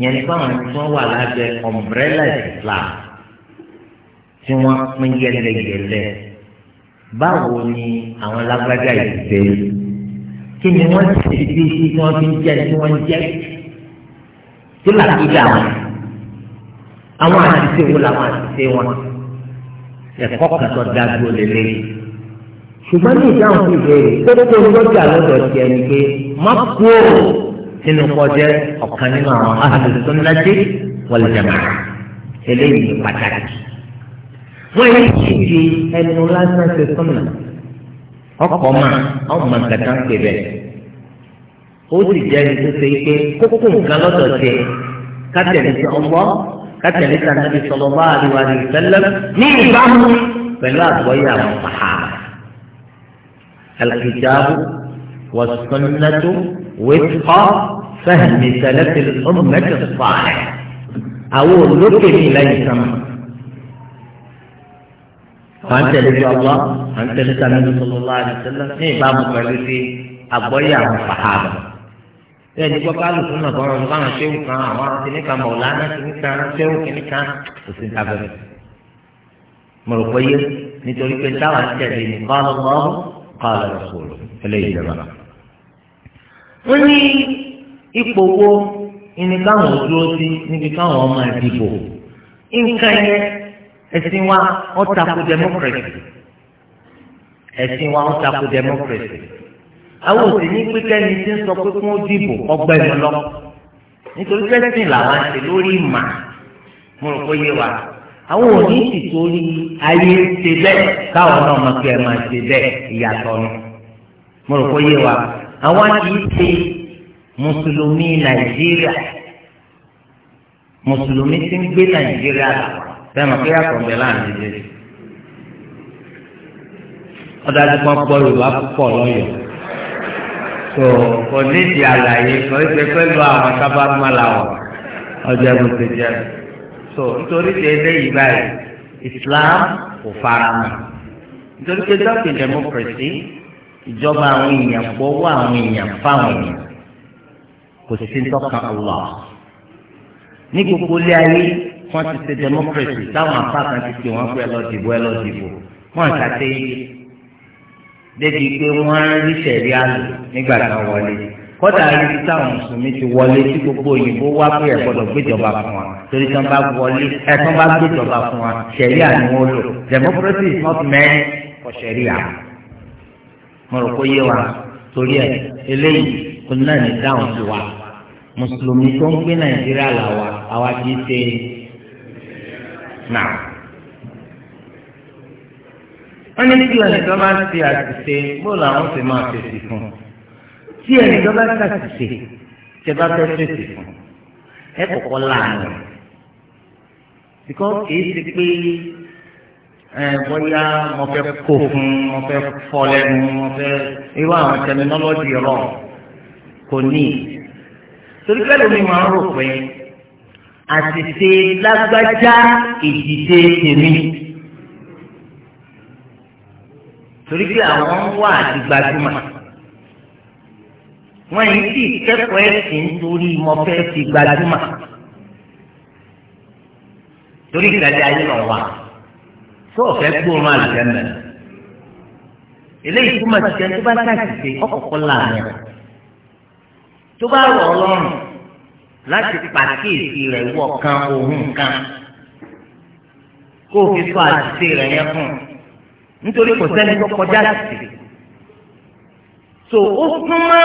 yẹn ní báwọn tí wọ́n wà lábẹ́ ọ̀mbrẹ́là ìsìlámù tí wọ́n pín yẹlẹyẹlẹ báwo ni àwọn lágbájá yìí ṣe kí ni wọ́n ṣe bí tí wọ́n fi ń jẹ́ tí wọ́n ń jẹ́ kí làkúdà wọn àwọn àṣìṣe wo làwọn àṣìṣe wọn ẹ̀kọ́ kan tó dájú lélẹ́yìn ṣùgbọ́n ní ìdáhùn sí ìbéèrè kókó lọ́jà lọ́dọ̀ ti ẹni pé má kú ó nínú kọjá ọ̀kan nínú àwọn ahlùsọ́nlájẹ́ wal jamaa eléyìí pàtàkì. wọ́n yẹ kí di ẹnu lásán ṣe súnmọ́ ọkọ̀ máa ọmọ kàtà ń pè bẹ́ẹ̀ ó sì jẹ́ ẹni tó ṣe pé kókó nǹkan lọ́dọ̀ jẹ kátẹ̀lé sí ọgbọ́ kátẹ̀lé sí anábì sọ̀rọ̀ bá àríwá rẹ̀ tẹ́lẹ̀ ní ìbámu pẹ̀lú àgbọ́yé àwọn pàhà alkitabu wa sunnatu wifqa fahmi salafil ummati salih àwọn olókè ní lẹ́yìn sánmà. à ń tẹ̀lé ju ọlọ́ à ń tẹ̀lé sani sọlọ́lá àdìsẹ́lẹ̀ ní ìbámu pẹ̀lú sí agbọ́yé àwọn fàhàbà bẹ́ẹ̀ ni gbọ́dọ̀ alùpùpù náà kọ́ ọ̀rọ̀ báwọn ṣéwù kan àwọn kìnnì kan mọ̀lánà kìnnì kan ṣéwù kìnnì kan kò sí ta bẹ̀rẹ̀ mo rò pé yé nítorí pé táwọn tẹ̀lé ní kọ́lọ́ lọ́wọ́ kọ́lọ́ lọ́sọ̀rọ̀ eléyìí jẹba. ó ní ipò wo ìní káwọn dúró sí níbi káwọn ọmọ ìdìbò nǹkan yẹn ẹ̀sìn wa ó tako democracy ẹ̀sìn wa ó tako democracy àwọn òsì ní pípẹ́ni tí ń sọ pé kí wọ́n dìbò ọgbà ẹ̀mọ lọ nítorí pẹ́sìn làwọn àti lórí ìmà mo rò pé yé wa àwọn òní sì torí ayé ṣe bẹ́ẹ̀ káwọn náà mọ̀ pé ẹ máa ṣe bẹ́ẹ̀ ìyàtọ̀ ni mo rò pé yé wa àwọn àti ṣe mùsùlùmí nàìjíríà mùsùlùmí ti ń gbé nàìjíríà làwọn sẹ́mi kí yàtọ̀ ń bẹ láàrin méjèèjì. ọ̀dà tí wọ́n gbọ́ yorùbá púpọ̀ lọ́yọ̀ tó kò ní di àlàyé kò í ṣe pẹ̀lú àwọn sábà máa làwọ̀ ọjọ́ ẹ̀bùn jẹ́ tó nítorí ti eléyìí báyìí Islam kò fara mọ́ nítorí pé dọ́kì democracy ìjọba àwọn èèyàn gbọ́wọ́ àwọn èèyàn fáwọn èèyàn kò sì sí tọ́ka Allah ní gbogbo ilé ayé wọ́n ti ṣe democracy táwọn apáàkà ti ṣe wọ́n pẹ́ lọ dìbò ẹ lọ dìbò wọ́n ń ṣàtẹ́yẹ débi pé wọ́n á rí sẹ̀rí àlò nígbà kan wọlé kọ́dà ibi táwọn mùsùlùmí ti wọlé tí gbogbo òyìnbó wá pé ẹ̀ gbọ́dọ̀ gbéjọba fún wa torí tí wọ́n bá wọlé ẹ̀ tí wọ́n bá gbéjọba fún wa sẹ̀rí àni wọ́n lò democracy is not meant for sẹ̀ríà mo rò kó yé wa torí ẹ̀ eléyìí kò náà ní dáhùn sí wa mùsùlùmí tó ń gbé nàìjíríà là àwa kì í ṣe náà wọ́n ní kí ẹnìkan bá ń ṣe àṣìṣe bó làwọn ṣe máa fèsì fún un tí ẹnìkan bá ṣàṣìṣe tẹ bá fẹ́ fèsì fún un ẹ kọ̀kọ́ láàánú bíkọ́ kìí ṣe pé bóyá mo fẹ́ kó fún mo fẹ́ fọ́ lẹ́nu mo fẹ́ irú àwọn tẹminọ́lọ́jì rọ̀ kò ní torí pẹ́lú mi máa ń rò pé àṣìṣe lágbájá ìdìde tèmi. torí pé àwọn ń wà àdìgbàdùmà wọ́n yìí sì kẹ́kọ̀ọ́ ẹ̀sìn torí mo fẹ́ ti gbajúmà torí ìgbàdí ayé lọ wà tó ọ̀fẹ́ gbóòórùn àlùjẹ́mẹ̀ eléyìí túmọ̀ sí ẹni tó bá ṣàṣìṣe ọkọ̀ọ̀kọ̀ láàrin tó bá rọ̀ ọlọ́run láti pàkíyèsí rẹ̀ wọ̀ kan ohun kan kó o fi kọ́ àṣìṣe rẹ̀ yẹn fún un nítorí kò sẹ́ni tó kọjá sí i. so ó súnmọ́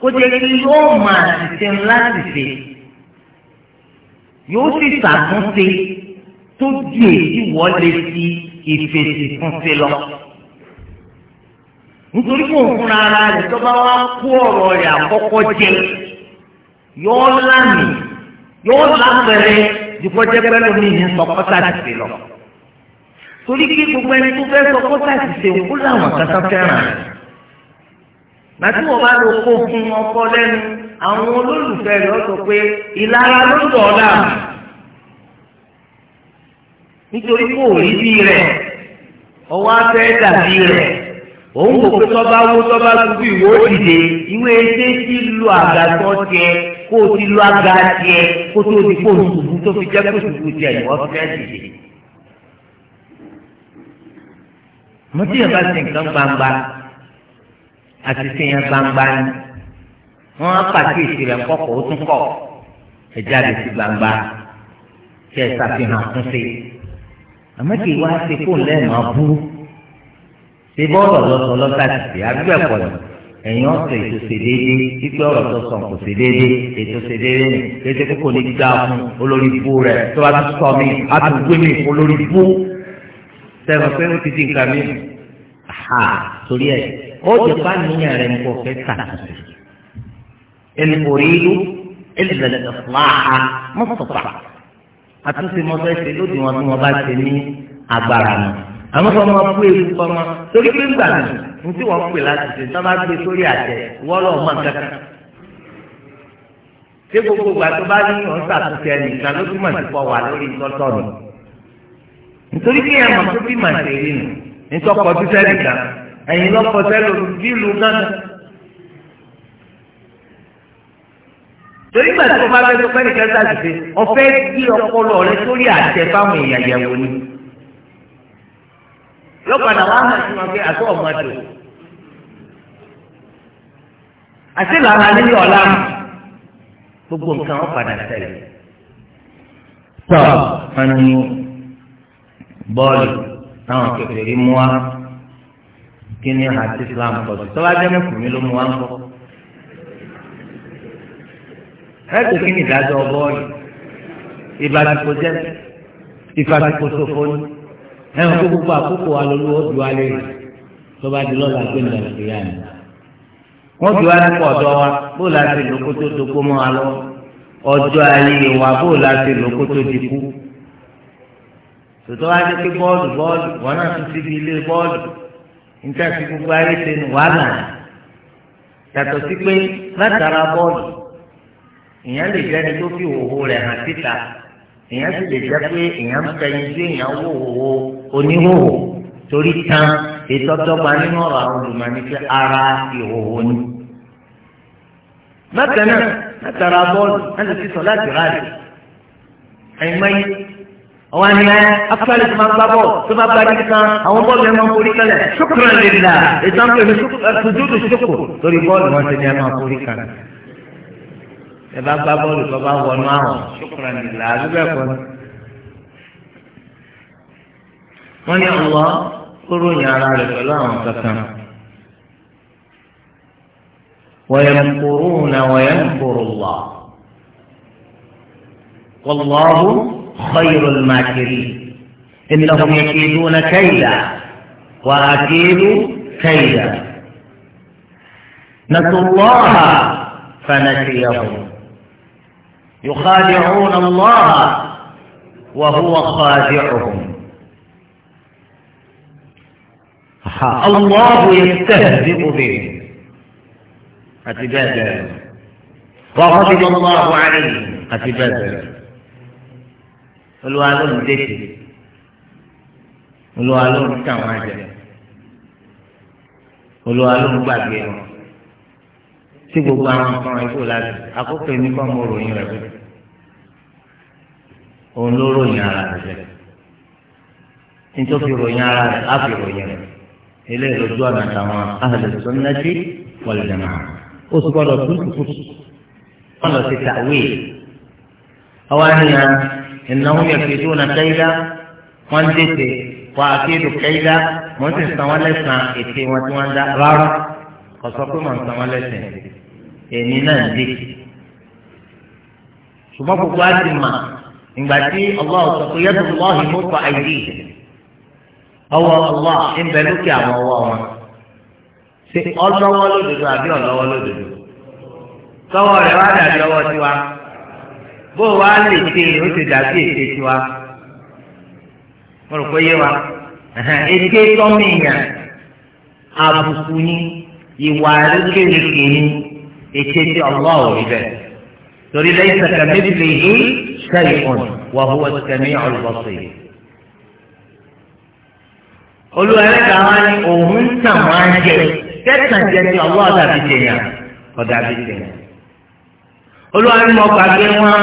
kó jẹ́ kí yóò máa ṣiṣẹ́ láti ṣe yóò sì ṣàtúnṣe tó ju èyí wọlé sí ìfèsì fúnṣe lọ nítorí kò ń fúnra ara rẹ̀ tó bá wá kó ọ̀rọ̀ rẹ̀ àkọ́kọ́ jẹ yóò lánì yóò lápẹrẹ dùkọ́jẹ́ pẹ́lú mi ní sọ pọ́tàtì lọ. torí kí gbogbo ẹni tó fẹ́ sọ pọ́tàtì ṣe kó làwọn kàtà fẹ́ràn rẹ̀. màtí wọ́n bá lọ kó fún ọkọ lẹ́nu àwọn olólùfẹ́ rẹ̀ ọ̀ sọ pé ìlara ló ń dọ̀ nítorí kó rí bí rẹ̀ ọwọ́ afẹ́ dàbí rẹ̀ òun kò pé tọ́ba wó tọ́ba ṣubú ìwé òdìdè ìwé ẹsẹ̀ ti lu àga tó tiẹ̀ kó o ti lu àga tiẹ̀ kó tó o ti kó o ṣubú tó fi jẹ́ kó ṣubú tiẹ̀ ni wọ́n fẹ́ dìde. mọ́tí yẹn bá ti nǹkan gbangba àti ti yẹn gbangba ni wọ́n á pàṣẹ ìṣẹ̀lẹ̀ kọ́kọ́ ó tún kọ̀ ẹ̀ jáde sí gbangba kí ẹ ṣàfihàn fún sí i àmọ́ kí wàá ṣe fóun lẹ́nu àbúrú ṣé bọ́ọ̀lù ọ̀dọ́sọ lọ́sàtì àbí ẹ̀kọ́ ni ẹ̀yin ọ̀sẹ̀ ètò ṣe déédéé pípẹ́ ọ̀rọ̀ tó sàn kò ṣe déédéé ètò ṣe déédéé ni kéṣe kókò lè gbà fún olórí bú rẹ̀ tó bá tún sọ mi á tún gbé mi fún olórí bú sẹ́wọ̀n pé ó ti di nǹkan mi ha torí ẹ̀ ó ti bá níyàn rẹ̀ ń kọ́ fẹ́ sàkóso ẹni kò àmọ́ kọ́ máa pé ewu kọ́ máa torí pé ńgbà mi ní tí wọ́n pè láti ṣe tó bá gbé sórí àtẹ wọ́n lọ́ọ́ máa kankan. ṣé gbogbo ìgbà tó bá ní ọ̀n ṣàtúnṣe ẹnìkan ló túmọ̀ sí pọ̀ wà lórí tọ́tọ́ mi. nítorí kí ẹ̀ máa tó bí màá ṣe rí nù nítọ́kọ̀ tó sẹ́ni kan ẹ̀yin lọ́kọ̀ sẹ́ni bí ìlú náà. torí gbà tó bá fẹ́ tó fẹ́ yóò padà wá hàn sí wọn pé àtọ ọmọ dò àti làrá nílé ọ̀la gbogbo nǹkan wọn padà tẹ̀lé. tọ́ wọn bọ́ọ̀lù táwọn kékeré mú wa kí ni àti Islam kọ̀ sí tọ́wá jẹ́ mùsùlùmí ló mú wa ń bọ̀. ẹ̀sìn kí ni ìdájọ́ bọ́ọ̀lù ìbáraẹ̀kọ́ jẹ́ ìfàsìkò ṣòfò ni ẹ̀wọ̀n tó gbogbo àkókò wa lólu ó du alẹ́ rẹ̀ tó bá di lọ́la gbé ní nàìjíríà ni. wọ́n du alẹ́ pọ̀ ọ̀dọ́ wa bó la ti lóko tó dogó mọ́ wa lọ́wọ́ ọjọ́ ayé wa bó la ti lóko tó di kú. tòtọ́ wa ní pé bọ́ọ̀lù bọ́ọ̀lù wọn náà tún síbi ilé bọ́ọ̀lù níta sí gbogbo ayé ṣe nù wàhálà yàtọ̀ sí pé látara bọ́ọ̀lù ìyẹn lè jẹ́ni tó fi òwò rẹ̀ hàn síta èèyàn sì lè jẹ́ pé èèyàn ń tẹ ibi èèyàn wòwò oníhòhò torí tan ètò ọ̀dọ́gba nínú ọ̀rọ̀ àwọn olùmọ̀ọ́ni pé ara ìhòhò ni. bákan náà látara bọ́ọ̀lù láti fi sọ láti ráàlì àìmọye àwọn àmì ẹ afẹ́lẹ́ tó máa gbá bọ́ọ̀lù tó máa gbá ní kan àwọn bọ́ọ̀lù ẹ̀ máa forí kalẹ̀ ṣókòrò lè là ìtàn pẹ̀lú ṣókòrò torí bọ́ọ̀lù wọn ti ní ẹ máa forí kalẹ̀. ẹ bá gbá bọ́ọ̀lù tó bá wọnú àwọn ṣùkúrà nílà àdúgbò ẹ̀kọ́ ni. wọ́n ní ọ̀wọ́ kúrò ní ara rẹ̀ pẹ̀lú àwọn kankan. wà. ẹni ويمكرون ويمكر الله والله خير الماكرين إنهم يكيدون كيدا وأكيد كيدا نسوا الله فنسيهم يخادعون الله وهو خادعهم الله يستهزئ بهم أتبادا وغضب الله عليهم أتبادا الوالون ديكي الوالون كم عجل الوالون باقي tí gbogbo àwọn nǹkan ikú láti àkókò ẹni kọ́ mo ròyìn rẹ̀ pé òun ló ròyìn ara rẹ̀ jẹ́ nítorí ròyìn ara rẹ̀ á fi ròyìn rẹ̀ eléyìí lójú ọ̀nà àtàwọn ahlu sunnati wal jamaa ó sì gbọ́dọ̀ tútùkùtù wọ́n lọ sí tàwé ọwọ́ àníyá ìnáwó yẹ kí tó na kẹ́yìdá wọ́n ń dètè wọ́n akéèdò kẹ́yìdá wọ́n sì san wọ́n lẹ́sàn-án ètè wọn tí wọ́n ń dá rárá. ọ̀sọ́ pé mọ̀ ń san èmi náà ń dé ṣùgbọ́n gbogbo á ti mà ìgbà tí ọlọ́ọ̀ sọ pé yẹ́tù lọ́ọ̀hì mú fa àìdí ọwọ́ ọlọ́ ń bẹ lókè àwọn ọwọ́ wọn ṣe ọlọ́wọ́ lódodo àbí ọlọ́wọ́ lódodo tọwọ́ rẹ̀ wá dàbí ọwọ́ tiwa bó wa lè ṣe ìwà rékèrèkè ní ètè tí Allah ò rí bẹ́ẹ̀ torí lẹ́yìn sàkàmì fi hí sẹ́yìn wà hùwà sàkàmì ọ̀lùbọ̀sẹ̀ yìí. olùwẹ̀rẹ̀dà wa ni òun ń tàn wá jẹ kẹ́tàn jẹ ti Allah dàbí tèèyàn ọ̀dàbí tèèyàn. olùwẹ̀rẹ̀ mọ̀ gbàgbé wọn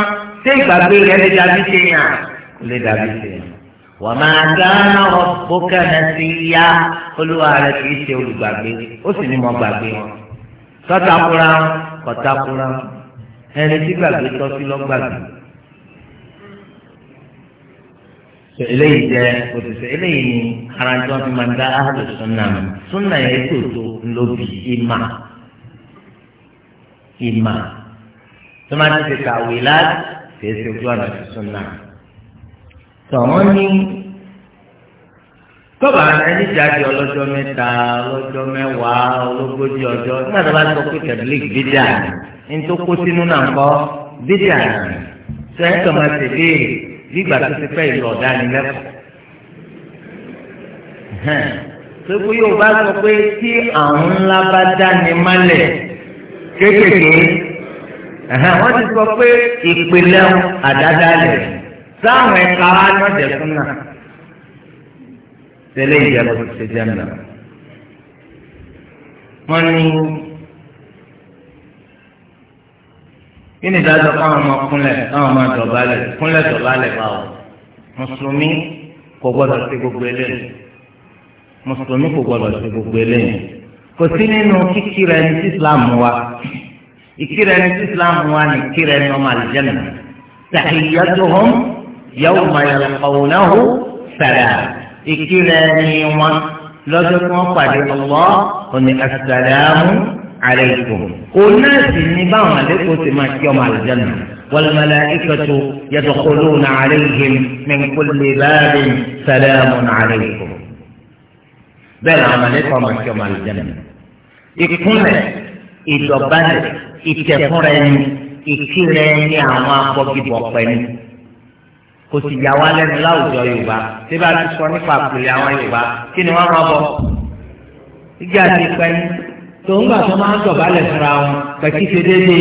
ṣé ìgbàgbé rẹ̀ lè dàbí tèèyàn lè dàbí tèèyàn wàmà gánà ọ̀bùkà nàṣìyà olúwa rẹ̀ kì í ṣe olùgbàgbé ó sì ní mọ gbàgbé wọn tọ́takura kọ́takura ẹni tí gbàgbé tọ́ sí lọ́gbàgbé. eléyìí jẹ òtútù eléyìí ni ara tí wọn fi máa ń dá ahàlù súnà mi súnà yẹn tòótó lóbi ìmà ìmà tó máa ti ṣe kàwé láti fèsì ojú ọ̀nà súnà tọ̀wọ́n ní tọ́ba ẹni jáde ọlọ́jọ́ mẹ́ta ọlọ́jọ́ mẹ́wàá ológójì ọjọ́ nígbà tó bá sọ pé tẹ̀bílíkì bídíà ní tó kó sínú náà kọ́ bídíà sọ ẹ́ tọ́ba ti béèrè bí ìgbà tó ti fẹ́ ìlú ọ̀dà ni lẹ́kọ̀ọ́ tókù yóò bá sọ pé tí àwọn ńlá bá dání mọ́lẹ̀ kéékèèké wọ́n ti sọ pé ìpìlẹ̀ àdádálẹ̀ sáwọn ẹ̀ka wa ni wọ́n jẹ fún náà tẹ́lẹ̀ ìjẹ́bù ṣe jẹ́ mẹ́rin. wọ́n ní kí ni ìdájọ́ káwọn ọmọ kúnlẹ̀ káwọn ọmọ dọ̀bálẹ̀ kúnlẹ̀ dọ̀bálẹ̀ báwo mùsùlùmí kò gbọdọ̀ sí gbogbo eléyìí mùsùlùmí kò gbọdọ̀ sí gbogbo eléyìí kò sí nínú kíkìrẹ́ ní islam wa ìkìrẹ́ ní islam wa ní kíkìrẹ́ ní ọmọ àlùjẹ́nà tàhíyàtò hàn. يوم يلقونه سلام إكلاني ومن لذلك وقال الله أن السلام عليكم قلنا سنبان لكم يوم الجنة والملائكة يدخلون عليهم من كل باب سلام عليكم بل عملكم يوم الجنة إكلاني إدبان إتفرن إكلاني عما قبض وقني kò sì yà wá lẹ́nu láwùjọ yorùbá tí bá ti sọ nípa àpèlè àwọn yorùbá kí ni wọ́n rọ́bọ̀ igi àti pẹ́yì tó ń gbà tó máa ń dọ̀bálẹ̀ fúnra wọn pẹ̀kí ṣe déédéé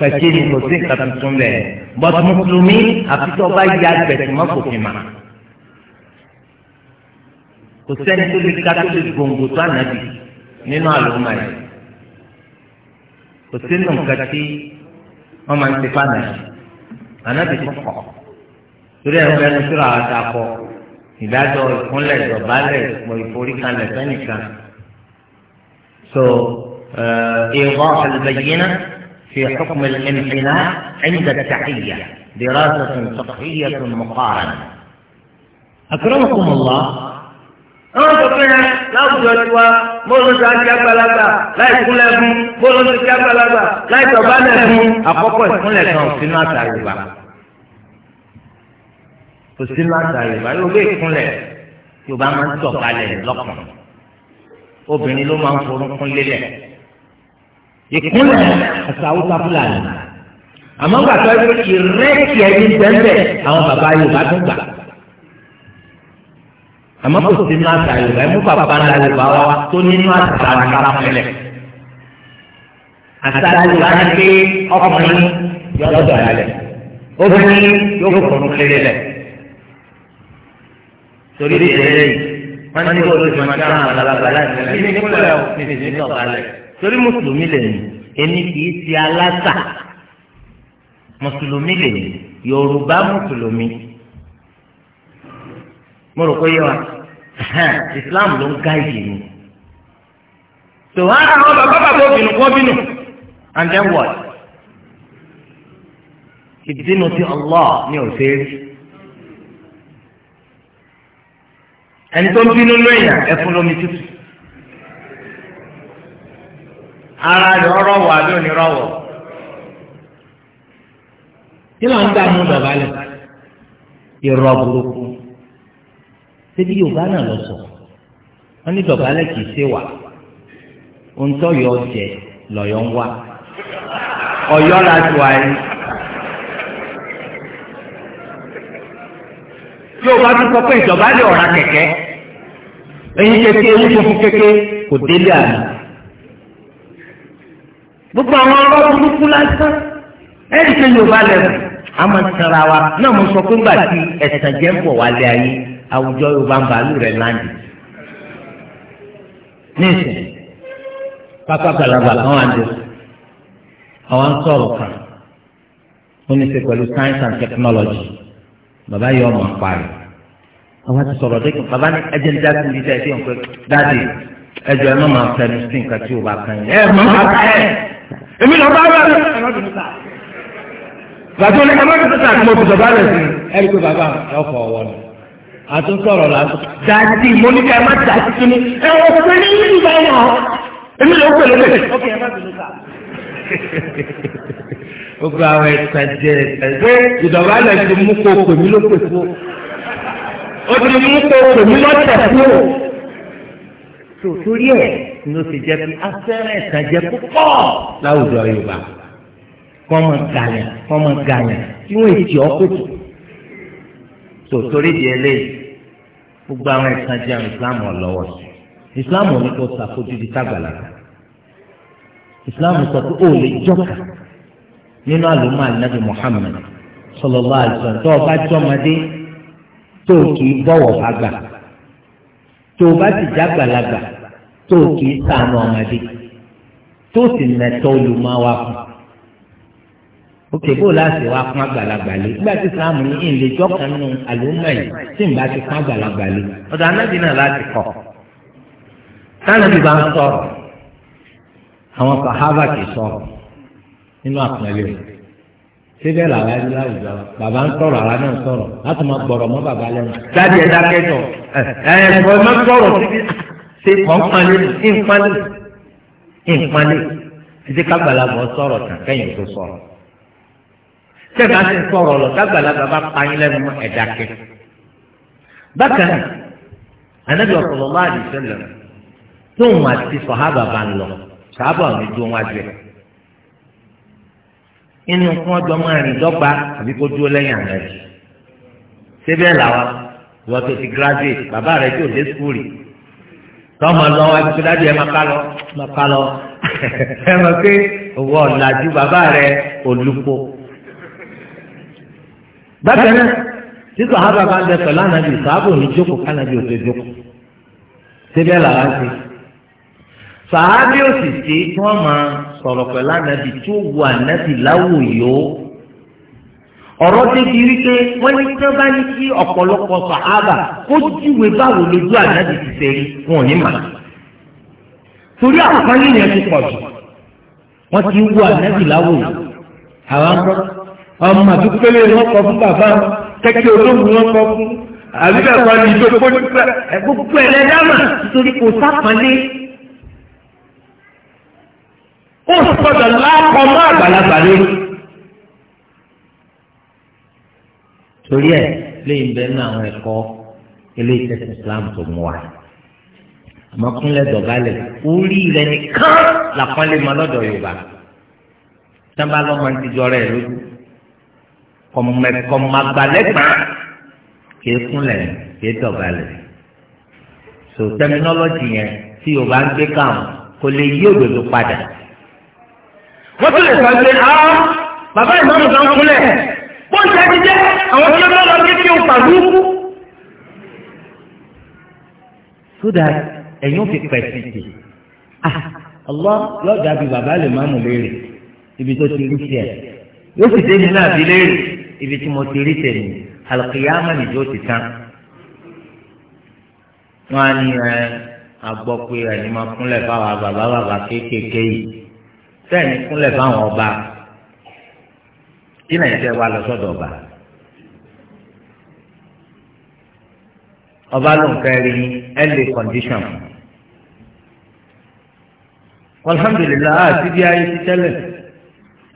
pẹ̀kí ni kò sí nǹkan tuntun bẹ̀ but mùsùlùmí àfitọ́ bá ya gbẹ̀sìn mọ́ kò fi mà kò sẹ́ni tó lè ká tó lè gbòǹgbò tó ànábì nínú àlùmọ̀ yìí kò sínú nǹkan tí wọ́n máa ń ṣe fáànà torí ẹ̀ ń bẹ ẹnu síra àti akọ ìdájọ́ ìkúnlẹ̀ ìdọ̀bálẹ̀ ìpò ìforíkalẹ̀ fẹ́nìkan so fi إيضاح البينة في حكم الانحناء عند التحية دراسة فقهية مقارنة أكرمكم الله àwọn tọkùnrin láwùjọ tí wa bóòlù tó ajá gbalagbà láì kúnlẹ̀ fún bóòlù tó ajá gbalagbà láì tọ̀bálẹ̀ fún àkọ́kọ́ ìkúnlẹ̀ kan sínú àtàlùbà. kò sínú àṣà yorùbá yorùbá ìkúnlẹ̀ yorùbá máa ń sọ̀kalẹ̀ lọ́kàn obìnrin ló máa ń forúnkún lélẹ̀ ìkúnlẹ̀ àṣà haúsá fúlàní àmọ́ gbà tó ẹgbẹ́ ìrẹ́kì ẹni bẹ́ẹ̀ àwọn bàbá yorùbá tó gbà àmọ́ kò sínú àṣà yorùbá ẹ̀mú bàbá ńlá yorùbá wa tó nínú àṣà àkàrà fúnlẹ̀ àṣà yorùbá ń gbé ọkùnrin yọ̀ọ́dọ̀ yálẹ̀ obìnrin yóò forúnkún lélẹ̀ torí rí tẹ̀lé yìí wọ́n ní kó lóṣù máa dáhùn àgbàlagbàlá yìí ní nípínlẹ̀ òfìsì ní ọ̀bàlẹ̀ torí mùsùlùmí lè ní èmi kì í ṣe aláṣà mùsùlùmí lè ní yorùbá mùsùlùmí mo rò pé yẹ wa islam ló ń ká ìyè mi tò wá àwọn bàbá bàbá obìnrin kọ́ bínú and then what ìdínú ti Allah ní òṣèré. ẹni tó ń bínú lóyìn ẹfun lómi tútù ara rẹ̀ ọrọwọ àbí onírọwọ kí ló ń dá mú bàbá lẹ irọ́ burúkú ṣébi yorùbá náà lọ sọ wọn ní bàbá lẹ kì í ṣe wà ohun tó yọ jẹ lọyọ ń wá ọyọ la tó yóò bá tún pé ìjọba lè ọ̀ra kẹ̀kẹ́ ẹyin kékeré ẹyin funfun kò délé àná gbogbo àwọn burúkú lásán lẹ́nu a máa wa náà mo sọ pé ńgbà tí ẹ̀sán jẹ́ ń bọ̀ ayé àwùjọ yorùbá ń and technology. bàbá yọ ọmọ parí àwọn ti sọ̀rọ̀ dẹ́kun bàbá ní ẹjẹ́ ní dáàbò yìí dáàbò yìí pé dáàbì ẹjọ́ ẹ má máa fẹnu sí nǹkan tí o bá kàn yín. ẹ má máa bá ẹ èmi lọ bá bá ẹ má dùn níta. bàtú ní ẹ má dùn níta kí mo ti sọ̀rọ̀ alẹ́ sí i. ẹ rí i pé bàbá yọ fọ ọwọ́ ni àti sọ̀rọ̀ la dàtí mo ní ká ẹ má dàtí kí ni ẹ wọ́n fẹ́ ní ìlú ìbáyà èmi lọ pẹ̀lú ẹ̀. ok ẹ má dùn níta. gbogbo àwọn ẹ̀sàjẹ ẹ̀sàjẹ ìdọ̀bà lẹ̀ ti mú kó pèmí ló pè fún ó ti mú kó pèmí lọ́tẹ̀ fún o. sòtúrí ẹ̀ ló ti jẹ́ pé afẹ́rẹ́ ẹ̀sàjẹ púpọ̀ láwùjọ Yorùbá kọ́ mọ gàyàn kọ́ mọ gàyàn tí wọ́n èsì ọ́kùtù sòtúrí di eléyìí gbogbo àwọn ẹ̀sàjẹ ìsìlámù ọ̀lọ́wọ̀ ìsìlámù oníkó sàkójú di tágbàlagbà ìsìlámù sọ pé ó lè jọ́ka. nínú àlùmọ́ ànábì Muhammad sallallahu alaihi tó o bá jọmọdé tó o kì í bọ̀wọ̀ fàgbà tó o bá ti jágbàlagbà tó o kì í ṣàánú ọmọdé tó o sì mẹ́tọ́ olùmọ́ wa fún òkè bó láti wá àgbàlagbà lé nígbà tí sàmù ní ìlẹjọ kan yìí tí n bá ti àgbàlagbà lé ọ̀dọ̀ nínú àpẹẹrẹ rẹ̀ síbẹ̀ làwa ẹni láwùjọ bàbá ń sọ̀rọ̀ àwa náà sọ̀rọ̀ láti máa gbọ̀rọ̀ mọ́ bàbá lẹ́nu. dájú ẹ dákẹ́jọ ẹ ẹ ẹ máa sọ̀rọ̀ ṣe kọ́ńpanlé ìǹpanlé ìǹpanlé títí kágbàlagbọ̀ sọ̀rọ̀ tàn kẹ́yìn tó sọ̀rọ̀. sẹ́ẹ̀bà ti sọ̀rọ̀ lọ kágbàlagbà bá payín lẹ́nu ẹ̀ dákẹ́. bákan náà anábì ọ̀pọ̀lọpọ̀ àdìsẹ́lẹ̀ tóun àti sọ̀hábà bá ń lọ sọ̀hábà ò ní dún wájú ẹ̀ inú kí wọ́n jọ máa rìn dọ́gba àbí kó dúró lẹ́yìn àná jù síbẹ̀ làwa wọ́n tó ti graduate bàbá rẹ̀ tó dé skúlì tọ́mọ lọ ẹgbẹ́ dájú ẹ máa ká lọ máa ká lọ ẹ mọ̀ pé òwò ọ̀làjú bàbá rẹ̀ olùkọ́ bákan náà títọ́ àhábà bá ń bẹ pẹ̀lú ànábì sàábò ní jókòó kánábì ò tó làwa ń ṣe sàábí òsìsì tí wọ́n máa sọ̀rọ̀ pẹ̀lú ànábì tí ó wù ànábì láwòyó ọ̀rọ̀ débi wípé wọ́n ní tí wọ́n bá ní kí ọ̀pọ̀lọpọ̀ sàábà ó júwe báwo lójú ànábì ti ṣe rí wọn ò ní mà torí àpáyé yẹn ti pọ̀ jù wọ́n ti wù ànábì láwòyó àwọn ọmọ àdúgbélé wọn kọ fún bàbá wọn kẹ́kẹ́ olóògùn wọn kọ fún àbíkẹ́ kan ní ìjọ gbogbo ẹ̀lẹ́dàmà nítorí kò sápàlẹ́ ó sọ̀dọ̀ lákọ̀ mọ́ àgbàlagbà lórí. torí ẹ̀ lẹ́yìn bẹ́ẹ̀ ní àwọn ẹ̀kọ́ eléyìí tẹ̀sán Islam tó mú wa àmọ́ kúnlẹ̀ dọ̀bálẹ̀ orí rẹ̀ nìkan làpọ́nlé mọ́ lọ́dọ̀ Yorùbá sábà lọ́mọ ti jọra ẹ̀ lójú kọ̀mọ̀gbàlẹ́gbà kìí kúnlẹ̀ kìí dọ̀bálẹ̀ so tẹminọ́lọ́jì yẹn tí Yorùbá ń gbé káwọn kò lè yí òdòdó padà wọ́n tún lè sọ pé a ah, bàbá ìmọ̀mù kan kúnlẹ̀ bó ń ṣe jẹ́ àwọn tí wọ́n lọ sí kí o pàdú. sódà ẹ̀yin ò fi pẹ̀sì tì ọlọ́ yóò dàbí bàbá lè máàmù léèrè ibi tó ti rí tiẹ̀ yóò sì dé mi náà léèrè ibi tí mo ti rí tèmi alùpùpù nìjó ti tán. wọ́n á ní ẹ agbọ́ pé ẹ̀yin máa kúnlẹ̀ fáwọn bàbá bàbá kéékèèké yìí tẹ́ẹ̀ni kúnlẹ̀ fáwọn ọba kí náà ìṣe wa lọ sọ́dọ̀ ọba ọba ló ń kẹ́rin ẹ̀ lè kọ́ndíṣàn alhamdulilayi àti bí ayé ti tẹ́lẹ̀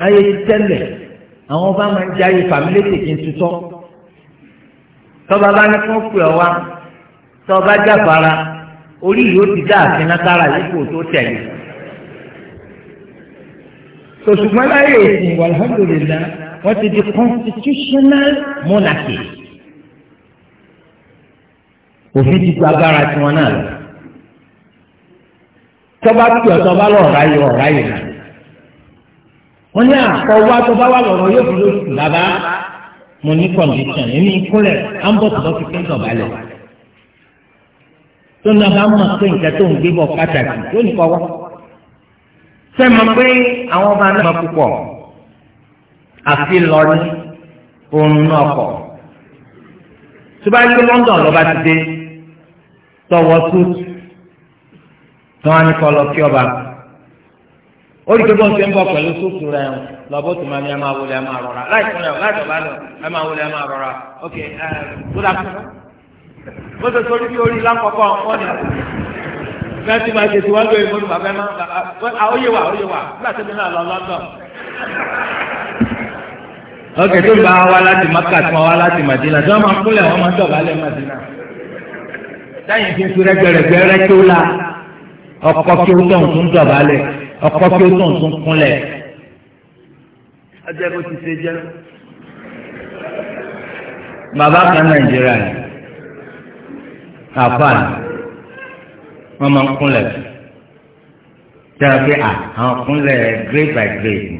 ayé ti tẹ́lẹ̀ àwọn ọba máa ń jẹ́ ayé fàmílì tètè ń tutọ́ tọ́ba bá ní kó pè ọ́ wá tọ́ba jáfara orí yìí ti dá àfin lákàrà yìí kò tó tẹ̀lé sòṣùgbọ́n láyé ìsìn alhamdulillah wọ́n ti di constitutional monarchy òfin ti gba agbára tiwọn náà lọ tọ́ba tí ọ̀tọ̀ bá lọ ọ̀rá yìí ọ̀rá yìí náà wọ́n ní àkọ́wá tọ́ba wà lọ́rọ̀ yóò fi lóṣù lábá mo ní condition èmi kúnlẹ̀ ambos bọ́ fi kéńtọ̀ balẹ̀ tó ní abá mọ̀ pé nǹkan tó ń gbé bọ̀ pàtàkì tó ní kọ́ wá ṣe mọ̀ pé àwọn ọba náà máa púpọ̀ àfi lọ ní oorun náà kọ̀ tó bá yẹ London lọ́ba ti dé tọwọ́ suit tí wọ́n á ní kọ́ lọ kí ọba ó rí gbogbo ṣe ń bọ̀ pẹ̀lú suutu rẹ̀ lọ́bọ̀ tó máa ní ẹ máa wọlé ẹ máa rọra láì fún ẹ láì tọ̀ bá lọ ẹ máa wọlé ẹ máa rọra ok ẹ eh, gbọ́dọ̀ bó ṣe sọ orí bí orí lápapọ̀ wọ́n ní. láti máa ṣe tiwájú ẹ̀ bàbá ẹ̀ máa ó yé wa ó yé wa náà lọ London. ọkẹ tó ń bá wa láti maka tí wọn wá láti Madina tí wọn máa kúnlẹ̀ wọn máa dọ̀bálẹ̀ Madina. táyì fi fi rẹ́gbẹ̀rẹ́gbẹ́ rẹ tó la kí ó tọ̀ kí ó kúnlẹ̀. ọjọ́ ti ṣe jẹ́. bàbá kan Nàìjíríà yìí àfààní. wọ́n máa ń kúnlẹ̀ tẹ́lẹ̀ pé à àwọn kúnlẹ̀ grade by grade ni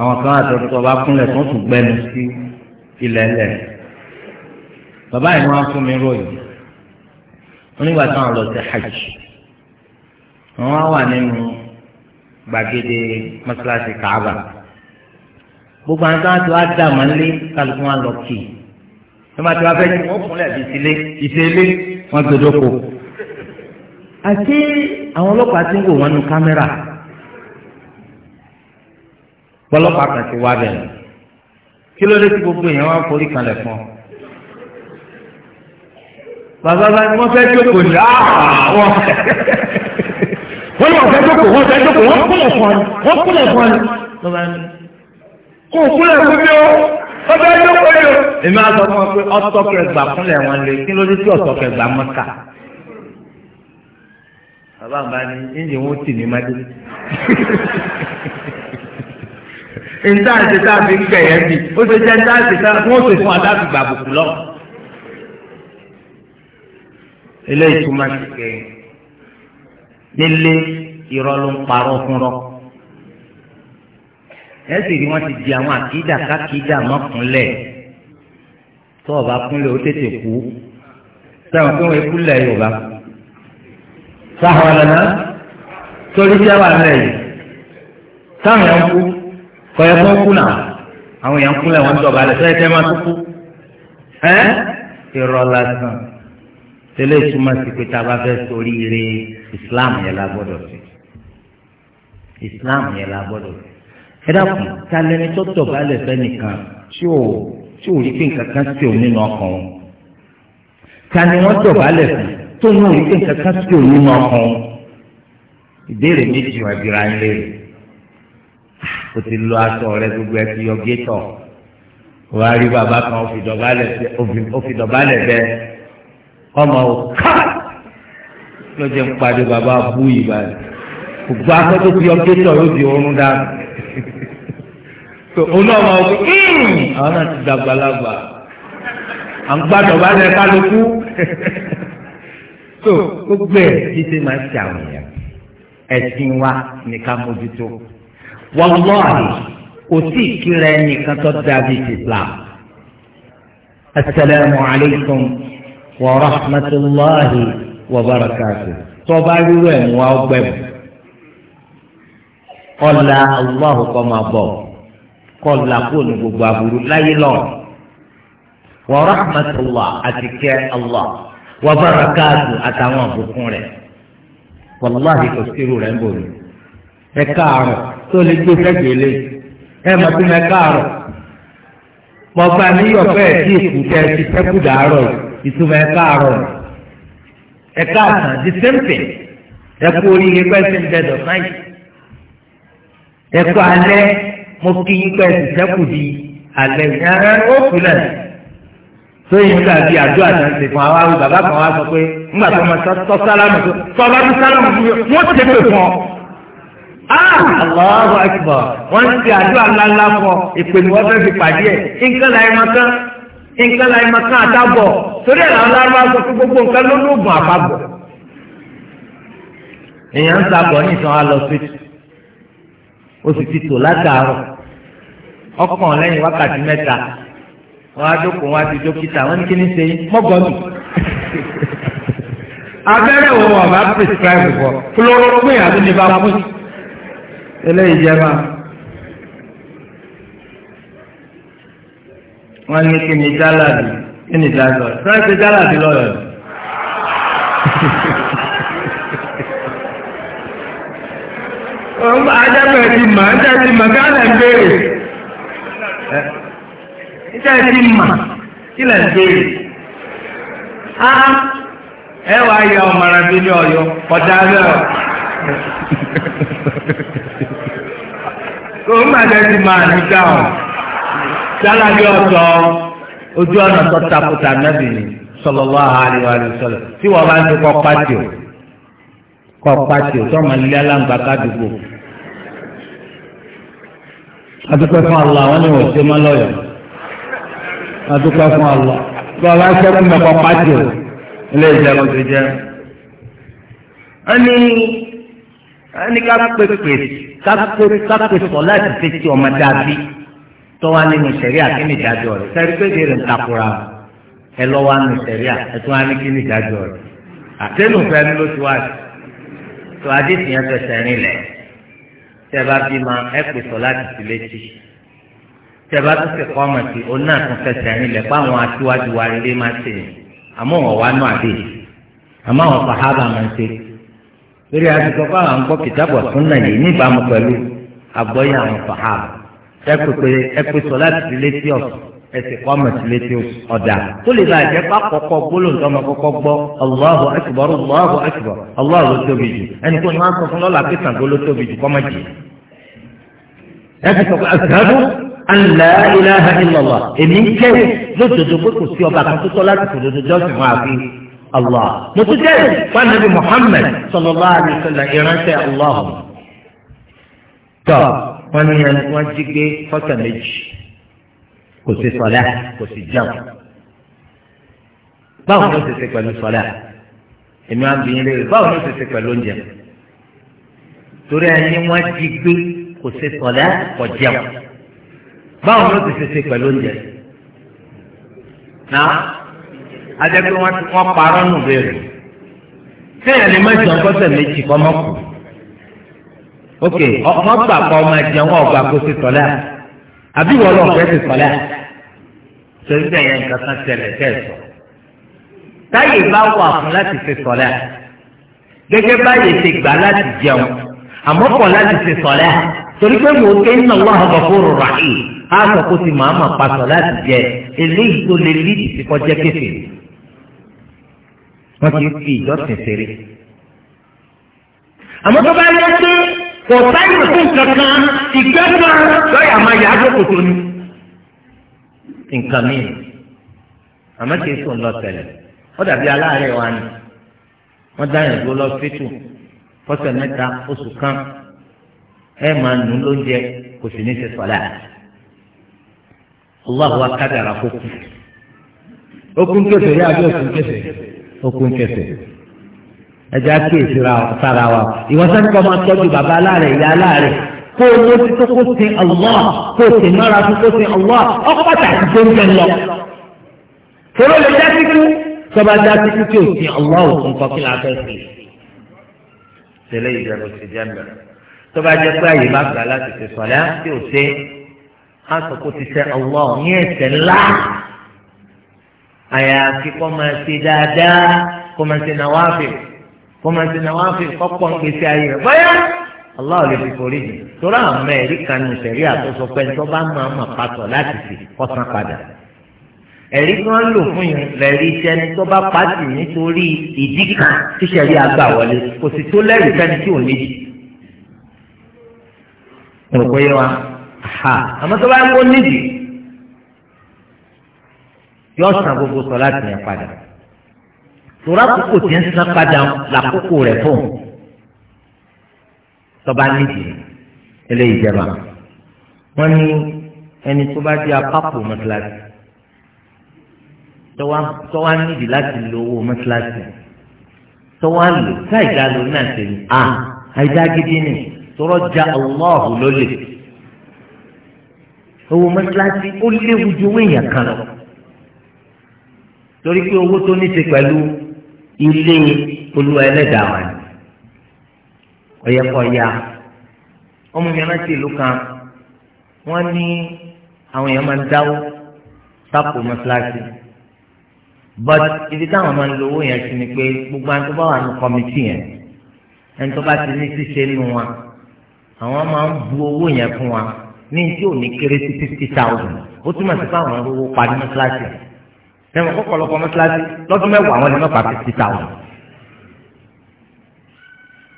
àwọn kan àtọ́tọ́ bá kúnlẹ̀ tó tún gbẹnu sí ilẹ̀ lẹ̀ bàbá yìí wọ́n á fún mi ròyìn wọ́n nígbà táwọn lọ sí hajj wọ́n á wà nínú gbàgede mọ́ṣáláṣí kàába gbogbo àwọn kan tó á dà máa ń lé kálukú wọn lọ kì í wọ́n bá ti wá fẹ́ ní wọ́n kúnlẹ̀ bí ìsílé wọ́n gbẹdọ́kọ̀ àti àwọn ọlọ́pàá ti ń wò wọn nu kámẹ́rà bọ́lọ́pàá kan ti wá bẹ̀rẹ̀ kí ló dé tí gbogbo èèyàn wá forí kalẹ̀ fún ọ. bàbá bá ní wọ́n fẹ́ jókòó ní àwọn wọ́n ní wọ́n fẹ́ jókòó wọ́n fẹ́ jókòó wọ́n kúlẹ̀ fún ọ wọ́n kúlẹ̀ fún ọ lọ́ba ní. kò kúlẹ̀ fún mi o wọ́n fẹ́ jókòó yìí o. èmi á sọ fún ọ wọn lè kí ló dé tí ọ̀tọ̀kẹ̀gbà mọ́ta bàbá mi bá ní ẹ̀yìn wọn tì ní madé nta ṣe tá a fi ń gbẹ̀yẹ bi ó ṣe jẹ́ nta ṣe tá wọ́n ṣe fún adáàbí gbàbùkù lọ. eléyìí tó máa ṣe kẹ́yìn nílé irọ́ ló ń parọ́ fúnrọ́. ẹ sì rí wọ́n ti di àwọn àkídà kákídà mọ́kúnlẹ̀ tó o kúnlẹ̀ ó tètè kú sẹ́wọ̀n pé wọ́n ikú lẹ̀ Yorùbá sáwọn lọ́nà torí tí a wà nílẹ̀ yìí sáwọn yẹn ń kú kọ̀yẹ́ fún kú náà àwọn yẹn ń kú lẹ́wọ̀n ń dọ̀bà lẹ́sẹ̀ máa tó kú ẹ́ irọ́ lásán tẹ́lẹ̀ túmọ̀ sí pé tá a bá fẹ́ sórí ire Islam yẹn la gbọ́dọ̀ sí Islam yẹn la gbọ́dọ̀ sí ẹ dákun ta lẹni tó dọ̀bà lẹ́sẹ̀ nìkan tí ò tí ò rí pé nǹkan kan sí òun nínú ọkàn wọn ta ni wọ́n dọ̀bà tó náà ní kéka kásìkò nínú ọkàn ìbéèrè méjì wọn ìbíra ń lérè o ti lo aṣọ rẹ gbogbo ẹ ti yọ gétọ wàá rí bàbá kan òfìdọ̀bálẹ̀ bẹ ọmọ òkà lọ́jọ́ ń padì bàbá bú ìbá rẹ̀ gbogbo aṣọ tó ti yọ gétọ yóò di oorun dáa òun ọmọ òkè hmm. àwọn náà ti dàgbàlagbà à ń gbàdọ̀bálẹ̀ kálukú tó gbogbo ẹ̀ bí ṣe máa ń ṣe àwọn èèyàn ẹ̀sìn wa ní ká mójútó wàlúwàlú kò sí ìkírẹ nìkan tó dàbí islam asalaamu alaykum wa rahmatulahi wa barakatu tọba rírọ ẹ̀ mú wa ọgbẹ́ kọlá aláhùn kọ́ máa bọ̀ kọlá kó gbogbo aburú láyé lọ wa rahmatulah àti kẹ́ allah wà bàràkàtù àtàwọn àbùkún rẹ̀ wàláhì kò sírù rẹ̀ ń bò ní. ẹ káàárọ̀ tó lè gbé fẹ́gbẹ̀ẹ́ lé ẹ mọ̀ sí ẹ káàárọ̀ mọ̀ gbà níyọ̀ bẹ́ẹ̀ tí èkú tẹ ti sẹ́kù dàárọ̀ ìtumọ̀ ẹ káàárọ̀ ẹ káàsán di sẹ́ńpì ẹ kú oríire pẹ́sìn dẹ́dọ̀ sáyì ẹ kú alẹ́ mo kí yín pẹ́sìn sẹ́kù di alẹ́ ìyára ó kú náà sóyìn nígbà tí àjọ àtàǹtì fún àwa wí bàbá kan wá sọ pé ńgbà tó máa tọ́ sálámù tó tọ́ba tó sálámù fún mi wọ́n ti pè fún ọ. Ah! Allahu akbar wọ́n ti àjọ àlàlà fún ọ ìpèlú wọn fẹ́ẹ́ fi pàdé ẹ̀ nǹkan láì máa kán nǹkan láì máa kán àtàbọ̀ torí ẹ̀ làwọn lárúbá sọ fún gbogbo nǹkan ló ló gùn èèyàn ń sàbọ̀ ní ìtàn alọ sí oṣù ti tò látàárọ̀ ọkàn lẹ́yìn wákàtí mẹ́ta wọ́n á jókòó wọ́n á ti dókítà wọ́n ní kí ni ṣe mọ́gọ́mì. abẹ́rẹ́ wo wọ́n bá prescribe for chloroquine àti liverpool eléyìí jẹ́ máa. wọ́n ní kí ni jálàbí kí ni jálàbí sọ́ọ́ ṣe jálàbí lọ́yọ̀. ọ̀hún ajábẹ̀ẹ́ ti mọ̀ ajábẹ̀ẹ́ ti mọ̀ ká lè béèrè iṣẹ́ ẹtí mà kí lẹ̀ ń béèrè. a ẹ wá yọ ọmọràn bí ní ọyọ kọjá bẹ́ẹ̀ o. òun máa jẹ́ ti máa ní dáhùn. sálábí ọ̀sọ́ ojú ọ̀nà tó takùtà nábì ni sallallahu alaihi wa sallam tí wọ́n bá ń dúkọ́ pátì o kọ́ pátì o tó máa lé aláǹgbá kádùúgbò. adúpẹ́ fún Allah wọn ni wọ́n ṣe máa lọ́yọ̀ọ́ adúpẹ́ fún Allah lọ láṣẹ fún mẹ́kọ́ pàtì o ilé ìjẹun ti jẹ. ẹni ẹni ká pépè ká pépè ká pépè sọ láti fi ti ọmọ dàbí tọ́wá nínú sẹ̀ríà kí ni ìdájọ́ rẹ̀ sẹ́rí pé dèrè ń takura ẹ lọ́wọ́ nínú sẹ̀ríà ẹ wá ní kí ni ìdájọ́ rẹ̀ àtẹnu fẹ́ ló ti wá tó adé tìyẹn fẹsẹ̀ rìn lẹ̀ tẹ́ bá bí ma ẹ pè sọ láti fi létí tẹ̀bá tó ṣe kọ́ ọmọ sí òun náà tún fẹsẹ̀ nílẹ̀ pé àwọn aṣíwájú wa rere máa ṣe àmọ́ wọn wá nù àdé àmọ́ àwọn sàhábà máa ń ṣe lórí àdìgbò bá àwọn gbọ́ kìtàbù ọ̀tún náà yìí níbàámu pẹ̀lú àgbọ́yé àwọn sàhábà ẹ pè sọ láti fi létí ọ̀sùn ẹ sì kọ́ ọmọ sí létí ọ̀dà tó lè bàa jẹ́ kọ́kọ́ gbọ́ Allah ilaha illallah èmi ń jẹ́rìí lójoojó pé kò sí ọba kan tó tọ́ láti fòdodo jọ́sìn wọn àfi Allah mo tún jẹ́rìí fún anabi Muhammad sallallahu alaihi wasallam ìránṣẹ́ Allah tọ́ wọ́n ní wọ́n jí gbé fọ́tà méjì kò sí sọ́lá kò sí jẹun báwo ló ṣe ṣe pẹ̀lú sọ́lá èmi á bí ilé báwo ló ṣe ṣe pẹ̀lú oúnjẹ torí ẹni wọ́n jí gbé kò sí sọ́lá kò jẹun báwo ló ti ṣèṣe pẹ̀lú oúnjẹ náà ajẹ́pẹ́ wọn ti wọ́n parọ́ nù béèrè kéèyàn lè má jẹun kọ́sẹ̀ méjì kọ́ mọ́ kù ok ọmọ gbà kọ́ ọmọ jẹun ọgbà kó ti sọ̀lá àbí wọ́n lọ fẹ́ ti sọ̀lá torí bẹ́ẹ̀ yẹn nǹkan kan ṣẹlẹ̀ kẹ́sọ̀ táyé bá wà fún láti fi sọ̀lá gẹ́gẹ́ báyìí ti gbà láti jẹun àmọ́ pọ̀ láti fi sọ̀lá torí pé mo ké ní Allahu Ghafurur Rahim á sọ kó ti màá máa pasọ̀ láti jẹ eléyìí tó lè lé ìsìnkọjẹ́ kéfì wọ́n ti fi ìjọsìn ṣeré. àmọ́ tó bá yẹ pé kò sáyẹ̀ fún kankan ìgbẹ́ta lọ́yà máa yà á jókòtò ni. nǹkan mìíràn àmọ́ kì í sùn lọ tẹ̀lẹ̀ ó dàbí aláàárẹ̀ wa ni wọ́n dáhùn ìdúró lọ sí tù fọ́sẹ̀ mẹ́ta oṣù kan ẹ máa nù lóúnjẹ kò sì ní ṣe sọlá Allahu akadàrà kó kú okun kẹsẹ yá bí okun kẹsẹ okun kẹsẹ ẹjẹ á kí èsì sára wa ìwọ́sẹ́ kọ́ máa tọ́jú bàbá aláàrẹ̀ ìyá aláàrẹ̀ kó o ló ti tó kó sin Allah kó o sì mára fún kó sin Allah ọkọ̀ pàtàkì tó ń bẹ lọ. Tòró lè já síkú tọ́ba já síkú tí o sin Allah òkun kọ́kí la fẹ́ sí. Tẹ̀lé ìjọba ti jẹ́ mẹ́rin tó bá jẹ́ pé àyè bá gbà láti ṣe sọ̀lá tí ò ṣe á sọ pé ó ti ṣe Allah ní ẹ̀ṣẹ̀ ńlá àyàfi kó máa ṣe dáadáa kó máa ṣe nàwáfì kó máa ṣe nàwáfì kọ́pọ̀ ń pèsè ayé rẹ̀ bọ́yá Allah lè fi forí jù tóra àmọ́ ẹ̀rí kan ní ìṣẹ̀rí àtọ́sọ pé tó bá máa máa pàtó láti ṣe kọ́sán padà ẹ̀rí tí wọ́n lò fún yẹn lẹ́rí iṣẹ́ ni tó pàtì nítorí ìdí kan tíṣẹ̀rí àgbà wọlé kò sì tó lẹ́rìí fẹ́ni tí ò níjì ẹ̀rọ kò yẹ wa ha àmọ́ tó bá ń kó nídìí yọ san gbogbo sọ láti yẹn padà tora kókò tí ń san padà lákòókò rẹ̀ fún tọba nídìí eléyìí jẹba wọn ní ẹni tó bá di apákò mọ́tíláṣí tọ́wá nídìí láti lo owó mọ́tíláṣí tọ́wá lò táìdá lò náà ṣe ní a àìdá gidi ni tọrọ ja ọlọ́ọ̀hún ló lè owó mọ́sálásí ó léwu ju owó èèyàn kan lọ torí pé owó tó ní ṣe pẹ̀lú ilé olúwa ẹlẹ́dàá wà ní ọ̀yẹ́kọ̀ọ́yà ọmọ mi rántí ìlú kan wọ́n ní àwọn èèyàn máa ń dáwó sápò mọ́sálásí but ibi táwọn máa ń lo owó yẹn sí ni pé gbogbo àwọn tó bá wà ní kọ́mítì yẹn ẹni tó bá ti ní ṣíṣe nù wọn àwọn máa ń bu owó yẹn fún wa ní tí ò ní kéré sí fifty thousand ó túmọ̀ sí fáwọn owó parí mọ́sálásì ẹ̀wọ̀n kọ́kọ́lọ́kọ́ mọ́sálásì lọ́dún mẹ́wàá wọn lè má pa fifty thousand.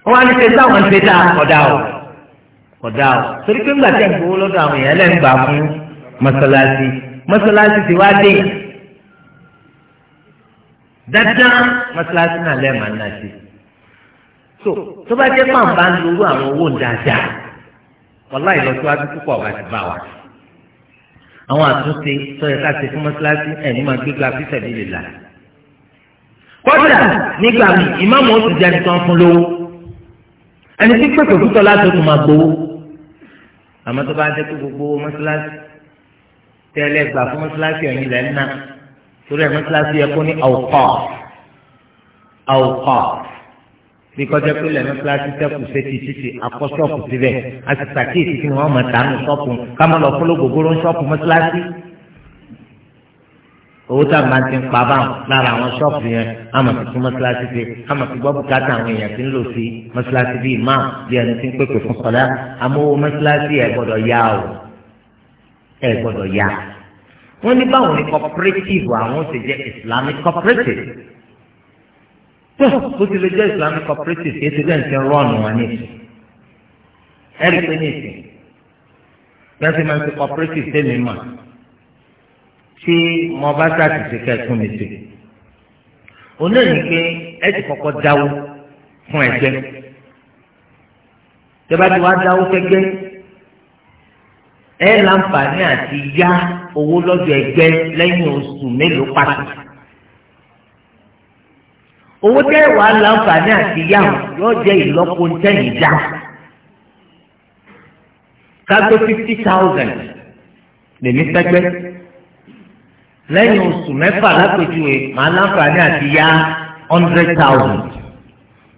wọ́n á ní ṣe táwọn ṣe dáa kọ̀dá o kọ̀dá o torí pé ńgbà tẹ̀ ń gbowó lọ́dọ̀ àwọn èèyàn lẹ́nu gbà fún mọ́sálásì mọ́sálásì ti wá dé dáadáa mọ́sálásì náà lẹ́ẹ̀ máa ń náà ṣe so tó bá jẹ́ pàǹbá ń lorú àwọn owó ń dáadáa wàlá ìlọsíwájú púpọ̀ wá ti bá wa àwọn àtúnṣe sọyẹ ká ṣe fún mọ́ṣáláṣí ẹ̀ ní máa gbégbá fífẹ̀ líle là kọ́dà nígbà mi ìmáàmù oṣù jẹ́ nìkan fún lówó ẹni tí pèsè òkútọ́ láti oṣù máa gbowó àmọ́ tó bá jẹ́ pé gbogbo mọ́ṣáláṣí tẹ́lẹ̀ gbà fún mọ́ṣáláṣí ẹ̀yìn ilẹ̀ ńnà torí ẹ̀ yẹ kó ní àwòkọ́ àwòkọ́ bí kọjá pé lẹ́nu kíláàsì sẹ́kù sétí títì akọ́ ṣọ́ọ̀pù síbẹ̀ a sì sàkíyèsí kí wọ́n mọ̀ tánú ṣọ́ọ̀pù kámọ́ lọ fún lóògógóró ṣọ́ọ̀pù mọ́síláàsì. owó tá a máa ti ń pa báwọn lára àwọn ṣọ́ọ̀pù yẹn a máa fi tún mọ́síláàsì sí a máa fi gbọ́ bùkátà àwọn èèyàn tí ń lò sí mọ́síláàsì bíi máa bí ẹni tí ń pèpè fún kọ́lá amówó mọ́síláàsì ẹ̀ gbọ́dọ̀ yá o ẹ̀ gbọ́dọ̀ yá wọ́n ní báwọn ní cooperative àwọn ti jẹ́ Islamic cooperative tó bó ti lè jẹ́ islamic cooperative kì í ti bẹ́ẹ̀ ń ti rọ́ọ̀nù wọn ní ìsìn ẹ̀rí pé ní ìsìn yẹn ti máa ń ti cooperative tẹ́lẹ̀ mà tí mo bá sáàtì sí kẹ́kún mi sí onáyìn pé ẹ kọ́kọ́ dáwó fún ẹgbẹ́ tẹ́bá wá dáwó fẹ́gbẹ́ ẹ láǹfààní àti yá owó lọ́dọ̀ ẹgbẹ́ lẹ́yìn oṣù mélòó pàtàkì owó tẹ́ wà láǹfààní àti yá yóò jẹ́ ìlọ́po tẹ́yìn já kágbé fifty thousand lèmi sẹ́gbẹ́ lẹ́yìn oṣù mẹ́fà lápèjúwe màá láǹfààní àti yá hundred thousand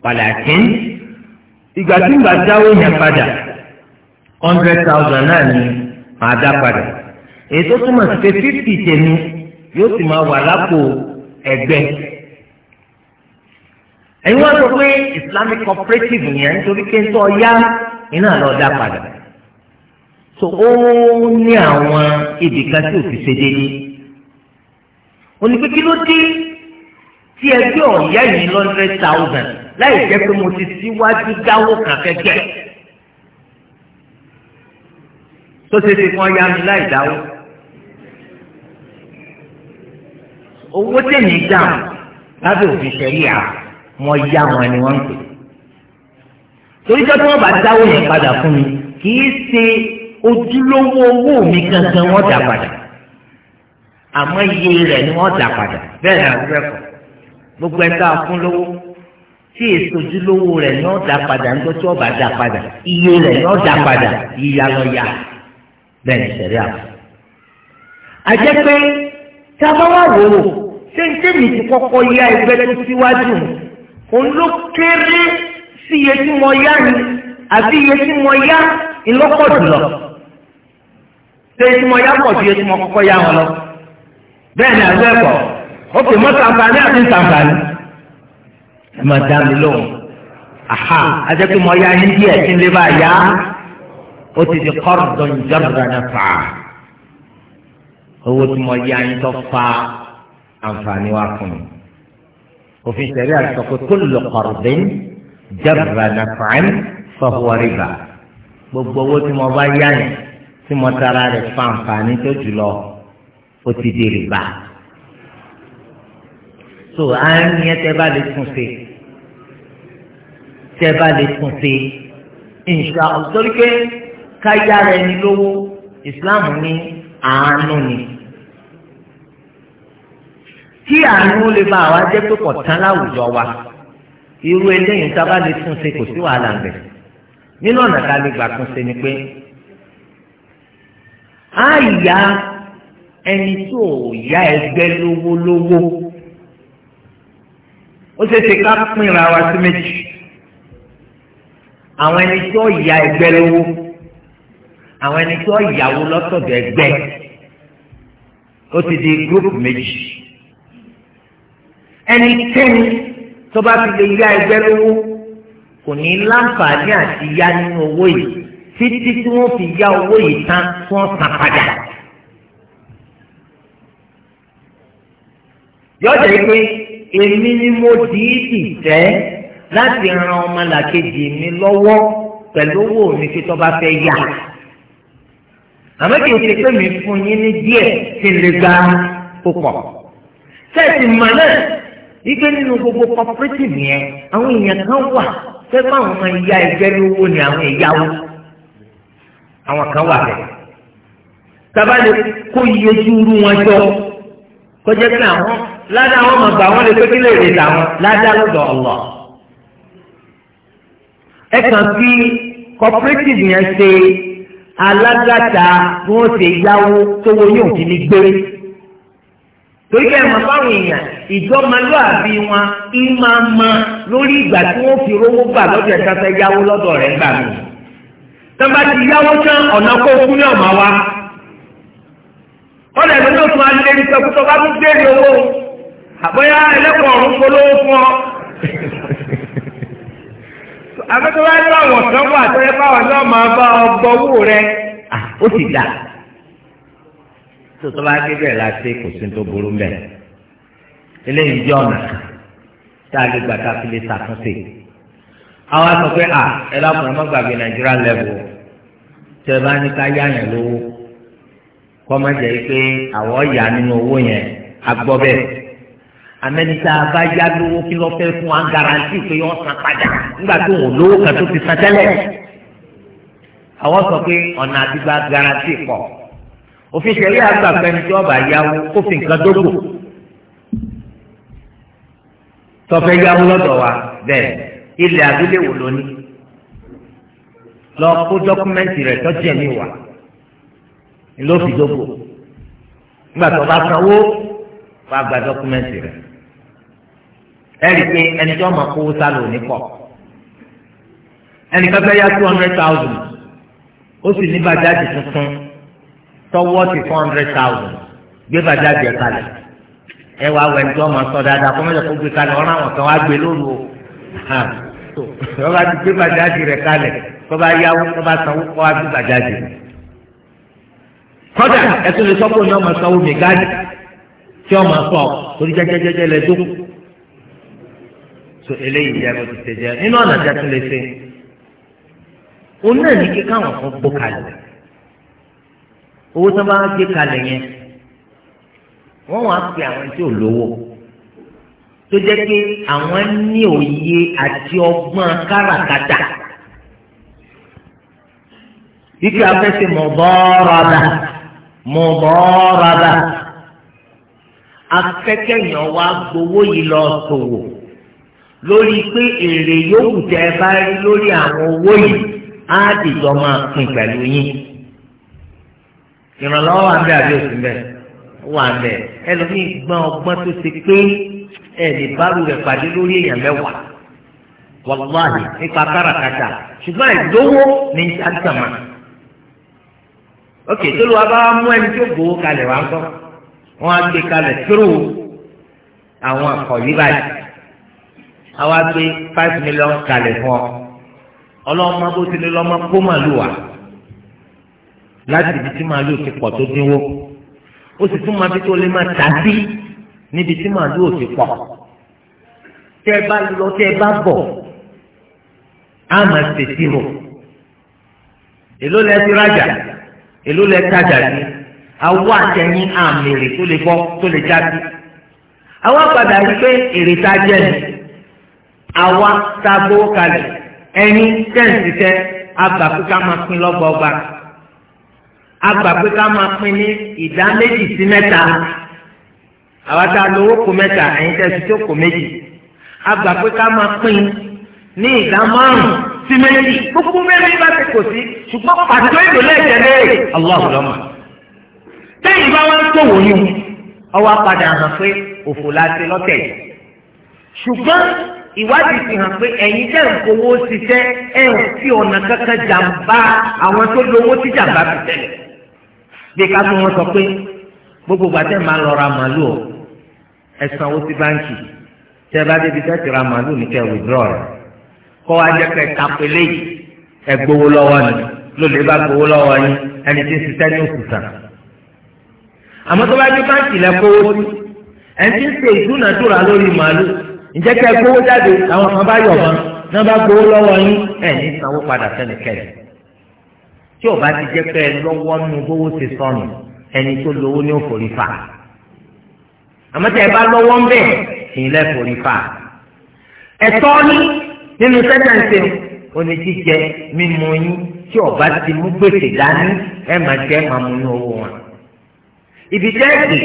padà kí ìgbà tí ìgbà jáwé yẹn padà hundred thousand náà ni màá dá padà èyí tó túmọ̀ sí pé fifty tèmi yóò sì máa wà lápò ẹgbẹ́ ẹ̀yin wá sọ pé islamic cooperative yẹn nítorí pé ń tọ́ iná lọ dá padà so ó ní àwọn ibìkan tí ò fi ṣe déédéé onípẹ́kí ló tí ẹgbẹ́ ọ̀yá yìí lọ́ndrẹ́d thousand láì jẹ́ pé mo ti síwájú dáwó kan kẹ́kẹ́ tó ṣe ti fún ọyá mi láì dáwó owó tèmi dáhùn lábẹ́ òfin ṣẹ̀yà mo yá wọn ni wọ́n ń pè. torí pé tí wọ́n bá dáwọ́ yẹn padà fún mi kì í ṣe ojúlówó owó mi gangan wọ́n dà padà àmọ́ iye rẹ̀ ni wọ́n dà padà bẹ́ẹ̀ ni àbúrò ẹ̀kọ́ gbogbo ẹ̀ tá a fún lówó tí èso ojúlówó rẹ̀ ni wọ́n dà padà ń tó tí wọ́n bá dà padà iye rẹ̀ ni wọ́n dà padà yíya lọ ya bẹ́ẹ̀ ni sẹ̀rí àbúrò. àjẹ́ pé tá a bá wà wò ó ṣé ń tẹ̀mí ti kọ́kọ́ yá ẹgbẹ́ tó síwájú òun ló kéré sí iye tí mo yá ni àbí iye tí mo yá ìlọ́pọ̀ jùlọ ṣé iye tí mo yá pọ̀ ju iye tí mo kọ́kọ́ yá wọn lọ bẹ́ẹ̀ ni àgbẹ̀ kọ̀ ó pè mọ́ sàǹfààní àti sàǹfààní ẹ máa dá mi lóhùn àhà àjẹpẹ́ mo yá yín díẹ̀ tí ń lé bá yá ó ti di kọ́rọ̀dọ̀ ìjọba náà fà á owó tí mo yá yín tó fa àǹfààní wa fún mi òfin ṣẹ̀rí àtọ́kù kullu qardin jarra naf'an fahuwa riba gbogbo owó tí mo bá yá yẹn tí mo tara rẹ̀ fa tó jùlọ ó ti di rìbá so àárín yẹn tẹ́ bá lè tún ṣe tẹ́ bá lè tún ṣe insha Allah torí pé káyà rẹ̀ ní lówó ìsìláàmù ní àánú ni kí àánú lè bá àwa jẹ́ pé kọ̀tán láwùjọ wa irú eléyìí sábà lè tún ṣe kò sí wàhálà ń bẹ̀ nínú ọ̀nà tá a lè gbà tún ṣe ni pé á yá ẹni tó yá ẹgbẹ́ lówó lówó ó ṣe ṣe ká pínra wa sí méjì àwọn ẹni tó yá ẹgbẹ́ lówó àwọn ẹni tó yáwó lọ́sọ̀dọ̀ ẹgbẹ́ ó ti di gúrúùpù méjì ẹnikẹ́ni tó bá fi lè yá ẹgbẹ́ lówó kò ní láǹfààní àti yá nínú owó yìí títí tí wọ́n fi yá owó yìí tán tí wọ́n san padà. yọjọ yìí pé èmi ni mo dìídì fẹ́ láti ran ọmọlàkejì mi lọ́wọ́ pẹ̀lú owó mi tí tó bá fẹ́ yá àmọ́ kì ṣe pé mi fún yín ní díẹ̀ tí n lè gba púpọ̀. sẹ́ẹ̀tì mọ̀ náà ike nínú gbogbo cooperative yẹn àwọn èèyàn kan wà sẹ́gbọ́n àwọn ọmọ ìyá ẹgbẹ́ lówó ni àwọn ìyáwó àwọn kan wà bẹ́ẹ̀ sábà lè kó iye dúró wọn jọ kọjá pé àwọn ládàá àwọn ọmọ àgbà wọn lè pé kí lè rè làwọn ládàá lọ́dọ̀ ọ̀lọ́ ẹ kàn fi cooperative yẹn ṣe alágbàtà bí ṣe yáwó tówó yóò fi ní gbé torí kẹ́ ẹ̀ mọ̀ fáwọn èèyàn ìjọmọlúàbí wọn ìmọ̀ ọmọ lórí ìgbà tí wọ́n fi rówó gbà lọ́dọ̀ ẹ̀ka fẹ́ yáwó lọ́dọ̀ rẹ̀ gbà mí. tọ́ba ti yáwó tán ọ̀nà kó kú ní ọ̀mà wa. ọ̀dà ìlú náà tún á lé ní sọ́kú tọ́ba tún béèrè owó àbọ̀yá ẹlẹ́kọ̀ọ́ ọ̀run polówó fún ọ. àbẹ́tọ́ wá ní àwọn ọ̀sán wà tẹ́lẹ̀ báwọn náà máa bá ọgbọ́ owó rẹ ah, ó sì dà. tó tọ́ba á dé bẹ́ẹ̀ la ṣe kò sí tó burú mẹ́rin eléyìí jẹ́ ọ̀nà tá a lè gbà tá a fi lè ṣàtúnṣe. àwọn sọ pé à ẹ lápò ẹ má gbàgbé nàìjíríà lẹ́bù tẹ bá ní ká yáyàn lówó kọ́mọ́jẹ́ pé àwọn ọ̀yà nínú owó yẹn agbọ́ bẹ́ẹ̀ amẹ́nita bá yá lówó kí lọ́ fẹ́ fún wa garanti pé yọ san padà nígbà tó wò lówó kan tó ti san tẹ́lẹ̀ àwọn sọ pé ọ̀nà àtìgbà garanti pọ̀ òfin ṣẹlẹ̀ àgbà pẹ́ni tí ọba yáwó kófin kan dógò tọ́fẹ́ yá mú lọ́dọ̀ wa bẹ́ẹ̀ ilẹ̀ abúlé wò lóní lọ kó dọ́kúmẹ́ǹtì rẹ̀ tọ́jú ẹ̀mí wa ló fi dógò nígbà tó bá sanwó wà gba dọ́kúmẹ́ǹtì rẹ̀ ẹ̀rí pé ẹni tí wọ́n máa kówó sálò ní pọ̀ ẹnì kan fẹ́ yá two hundred thousand ó sì ní bàjáde tuntun tọwọ́ ti four hundred thousand gbé bàjáde ẹ̀ kalẹ̀ ẹ wá wẹ̀ ní tí wọ́n máa sọ dáadáa kọ́ mẹ́jọ kó gbé kalẹ̀ ọ̀rọ̀ àwọn kan wá gbé lóru o wọ́n bá ti gbé bàjáde rẹ̀ kalẹ̀ kọ́ bá yáwó kọ́ bá sanwó kọ́ wá gbé bàjáde. kọ́dà ẹ̀sùn lè sọ́kò ní ọmọ sanwó mẹ́gáàdì tí ọmọ sọ orí jẹ́jẹ́jẹ́jẹ́ lẹ dó. so eléyìí jẹ́ ló ti ṣe jẹ́ nínú ọ̀nà tí a lè ṣe. òun náà ní kíkà wọn fún gbó kalẹ̀ owó tó gbé kalẹ̀ yẹn wọ́n wá pe àwọn tí ò lówó tó jẹ́ pé àwọn ní òye àti ọgbọ́n káràkátà ike afẹ́sẹ̀ mọ̀bọ́rọ̀dà mọ̀bọ́rọ̀dà afẹ́kẹ̀yàn wa gbowó yìí lọ sòwò lórí pé èrè yòówù tẹ ẹ bá rí lórí àwọn owó yìí á dìjọ máa pín pẹ̀lú yín ìrànlọ́wọ́ àbí àbí òsì bẹ́ẹ̀ wà lẹ̀ ẹlòmíì gbọ́n ọgbọ́n tó ṣe pé ẹ̀ẹ́dì bárù rẹ̀ pàdé lórí èèyàn mẹ́wàá wàláhì nípa káràkátà ṣùgbọ́n ìdówó ní àtàmà ok tó ló wá bá mú ẹni tó gbowó kalẹ̀ wá ń kọ́ wọ́n á gbé kalẹ̀ tóró àwọn akọ̀wé báyìí àwa gbé five million kalẹ̀ fún ọ ọlọ́mọ bó ti lọ́mọ kó màlúù wá láti ibi tí màlúù ti pọ̀ tó dínwó ó sì tún máa fi tó lè máa tà sí níbi tí màálù ò ti pọ̀ tẹ́ ẹ bá lọ tẹ́ ẹ bá bọ̀ á máa tètè rò èló lẹ ti rajà èló lẹ tajà ní awọ àtẹyìn àmì èrè tó lè bọ́ tó lè jáde àwọn àgbàdà yìí pé èrè tá a jẹ ní àwa tá a gbowó kalẹ̀ ẹ̀yin tẹ̀sí tẹ àgbà kó máa pín lọ́gbọ̀ọ́gba agbà pé ká máa pín ní ìdá méjì sí mẹ́ta àwa tá a lo owó kó mẹ́ta ẹ̀yin tẹ́ ti tó kó méjì agbà ká máa pín ní ìdá márùn sí méjì gbogbo mẹ́rin bá ti kò sí ṣùgbọ́n pàtó èlò lẹ́jẹ̀ léèrè Allahu lọ́mọ. tẹ́yìn bá wá ń tòwò yún ọwọ́ padà hàn pé òfò la ti lọ́tẹ̀ yìí ṣùgbọ́n ìwádìí fi hàn pé ẹ̀yin jẹ́ nǹkan owó ṣiṣẹ́ ẹ̀ ń fi ọ̀nà kankan jàǹbá àwọn tó lówó tí jàǹbá fi tẹ̀lẹ̀ bí ká tó wọn sọ pé gbogbo gbàtẹ́ máa lọ ra màálù o ẹ sí báńkì tẹ́ bá débi tẹ́ ra màálù ní kẹ́ wìdúrọ̀ rẹ̀ kọ́ wa jẹ́ pé kápẹ́lẹ́ yìí ẹ gbowó lọ́wọ́ ni lóde bá gbowó lọ́wọ́ yín ẹni tí ń ṣiṣẹ́ ní oṣù sàn. àmọ́ tó bá dé báńkì lẹ kówó sí ẹni tí ń ṣe ìdúnàdúrà lórí màálù ǹjẹ́ kẹ́ gbowó jáde àwọn kan bá yọ̀ wọn náà bá gbowó lọ́wọ́ yín ẹ̀ ní tí ò bá ti jẹ́ pé lọ́wọ́ nu bówó ṣe sọnù ẹni tó lówó ní òfòrí fà àmọ́ tẹ́ ẹ bá lọ́wọ́ ń bẹ̀ ẹ̀yin lẹ́fòrí fà ẹ̀tọ́ ní nínú sẹ́tẹ̀ǹsì oní jíjẹ mímu yín tí ò bá ti mú gbèsè dání ẹ máa jẹ máa mú ní owó wọn ibi tẹ́ẹ̀sì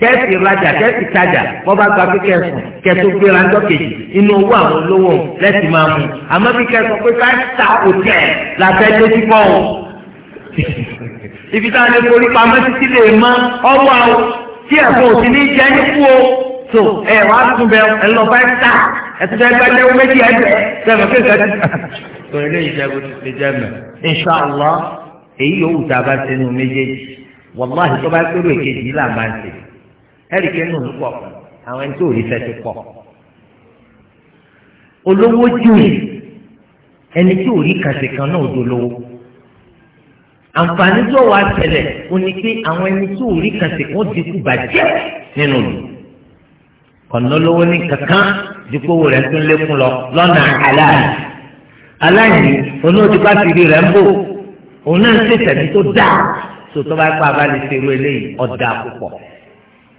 kẹ́ẹ̀sì rajà kẹ́ẹ̀sì tajà wọ́n bá gba pípẹ́ sùn kẹ́ẹ̀tù gbéra ńjọ́ kejì inú owó àwọn olówó lẹ́sìn máa mú àmọ́ bí kẹ́ẹ̀sì pé ká ta òtẹ́ làbẹ́ lójúbọ̀ o ibi tá a lè forí pamọ́ títí lè mọ ọwọ́ àwọn tí ẹ̀fọ́ òsì ní jẹ́ nípò o tó ẹ̀ wá tún bẹ ẹ lọ bá ta ẹtù bẹ gbẹ lẹ́wọ́ méjì ẹgbẹ́ sẹ́mi kí n sẹ́mi. tó ilé ìjẹ́bù ti ti jẹ́ mẹ́. inṣàlá èyí yòówù tá a bá ṣe nù méjèèjì wàláhì tó bá kéré èkejì là máa ń ṣe ẹ̀rì kí nù pọ̀ àwọn ẹni tó rí fẹ́ ti pọ̀. olówó jù ẹni tí ò rí kàṣe kan náà dolówó àǹfààní tó wà tẹ́lẹ̀ o ní pé àwọn ẹni tó rí kàṣẹ kó ti kú bàjẹ́ nínú ìlú ọ̀nà lówó ní kankan dípò rẹ̀ tó ń lékún lọ lọ́nà aláàlú aláìní onóòtúpá ti rí rẹ̀ ń bò òun náà ń ṣètẹ̀mí tó dáa sòtọ́ bá pa abá lè ṣe irú eléyìí ọ̀dà púpọ̀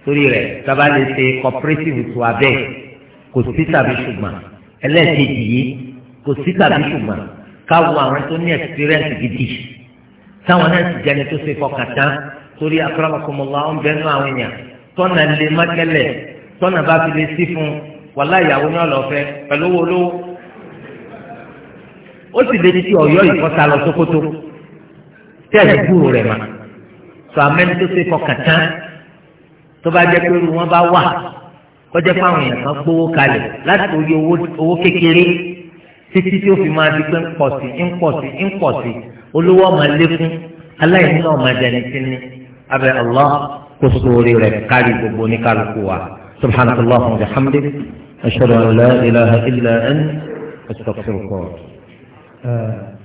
torí rẹ̀ sábà lè ṣe cooperative tó abẹ́ kò sí tàbí ṣùgbọ́n ẹlẹ́ẹ̀kejì yìí kò sí tàbí ṣùgbọ́n káwọn àwọn tó ní experience gidi táwọn náà sì jẹni tó ṣe fọkàn tán torí akọ́lámọkọ́mọlá ń bẹnu àwọn èèyàn tọ́nà lè má tẹ́lẹ̀ tọ́nà bá fi lè sí fún wàlá ìyàwó ní ọ̀lọ́fẹ́ pẹ̀lú owó olówó ó sì lè ti ọ̀yọ́ ìkọ́ta lọ sókótó tẹ́ẹ̀lì kúrò rẹ̀ mà sọ amẹ́ni tó ṣe fọkàn tán tó bá jẹ́ pé wọ́n bá wà kọjá fáwọn èèyàn kan gbówó kalẹ̀ láti orí owó kékeré títí tí ó fi máa di pé ń pọ̀ sí ń pọ̀ sí ń pọ̀ sí olówó ọmọ lékún aláìní náà ọmọ ẹ̀dẹ̀ nìkan ni abẹ́ ọlọ kó sóore rẹ̀ kárí gbogbo ní kálukú wa subhanahu wa ta'ala alhamdu ashhadu an la ilaha illa anta astaghfiruka.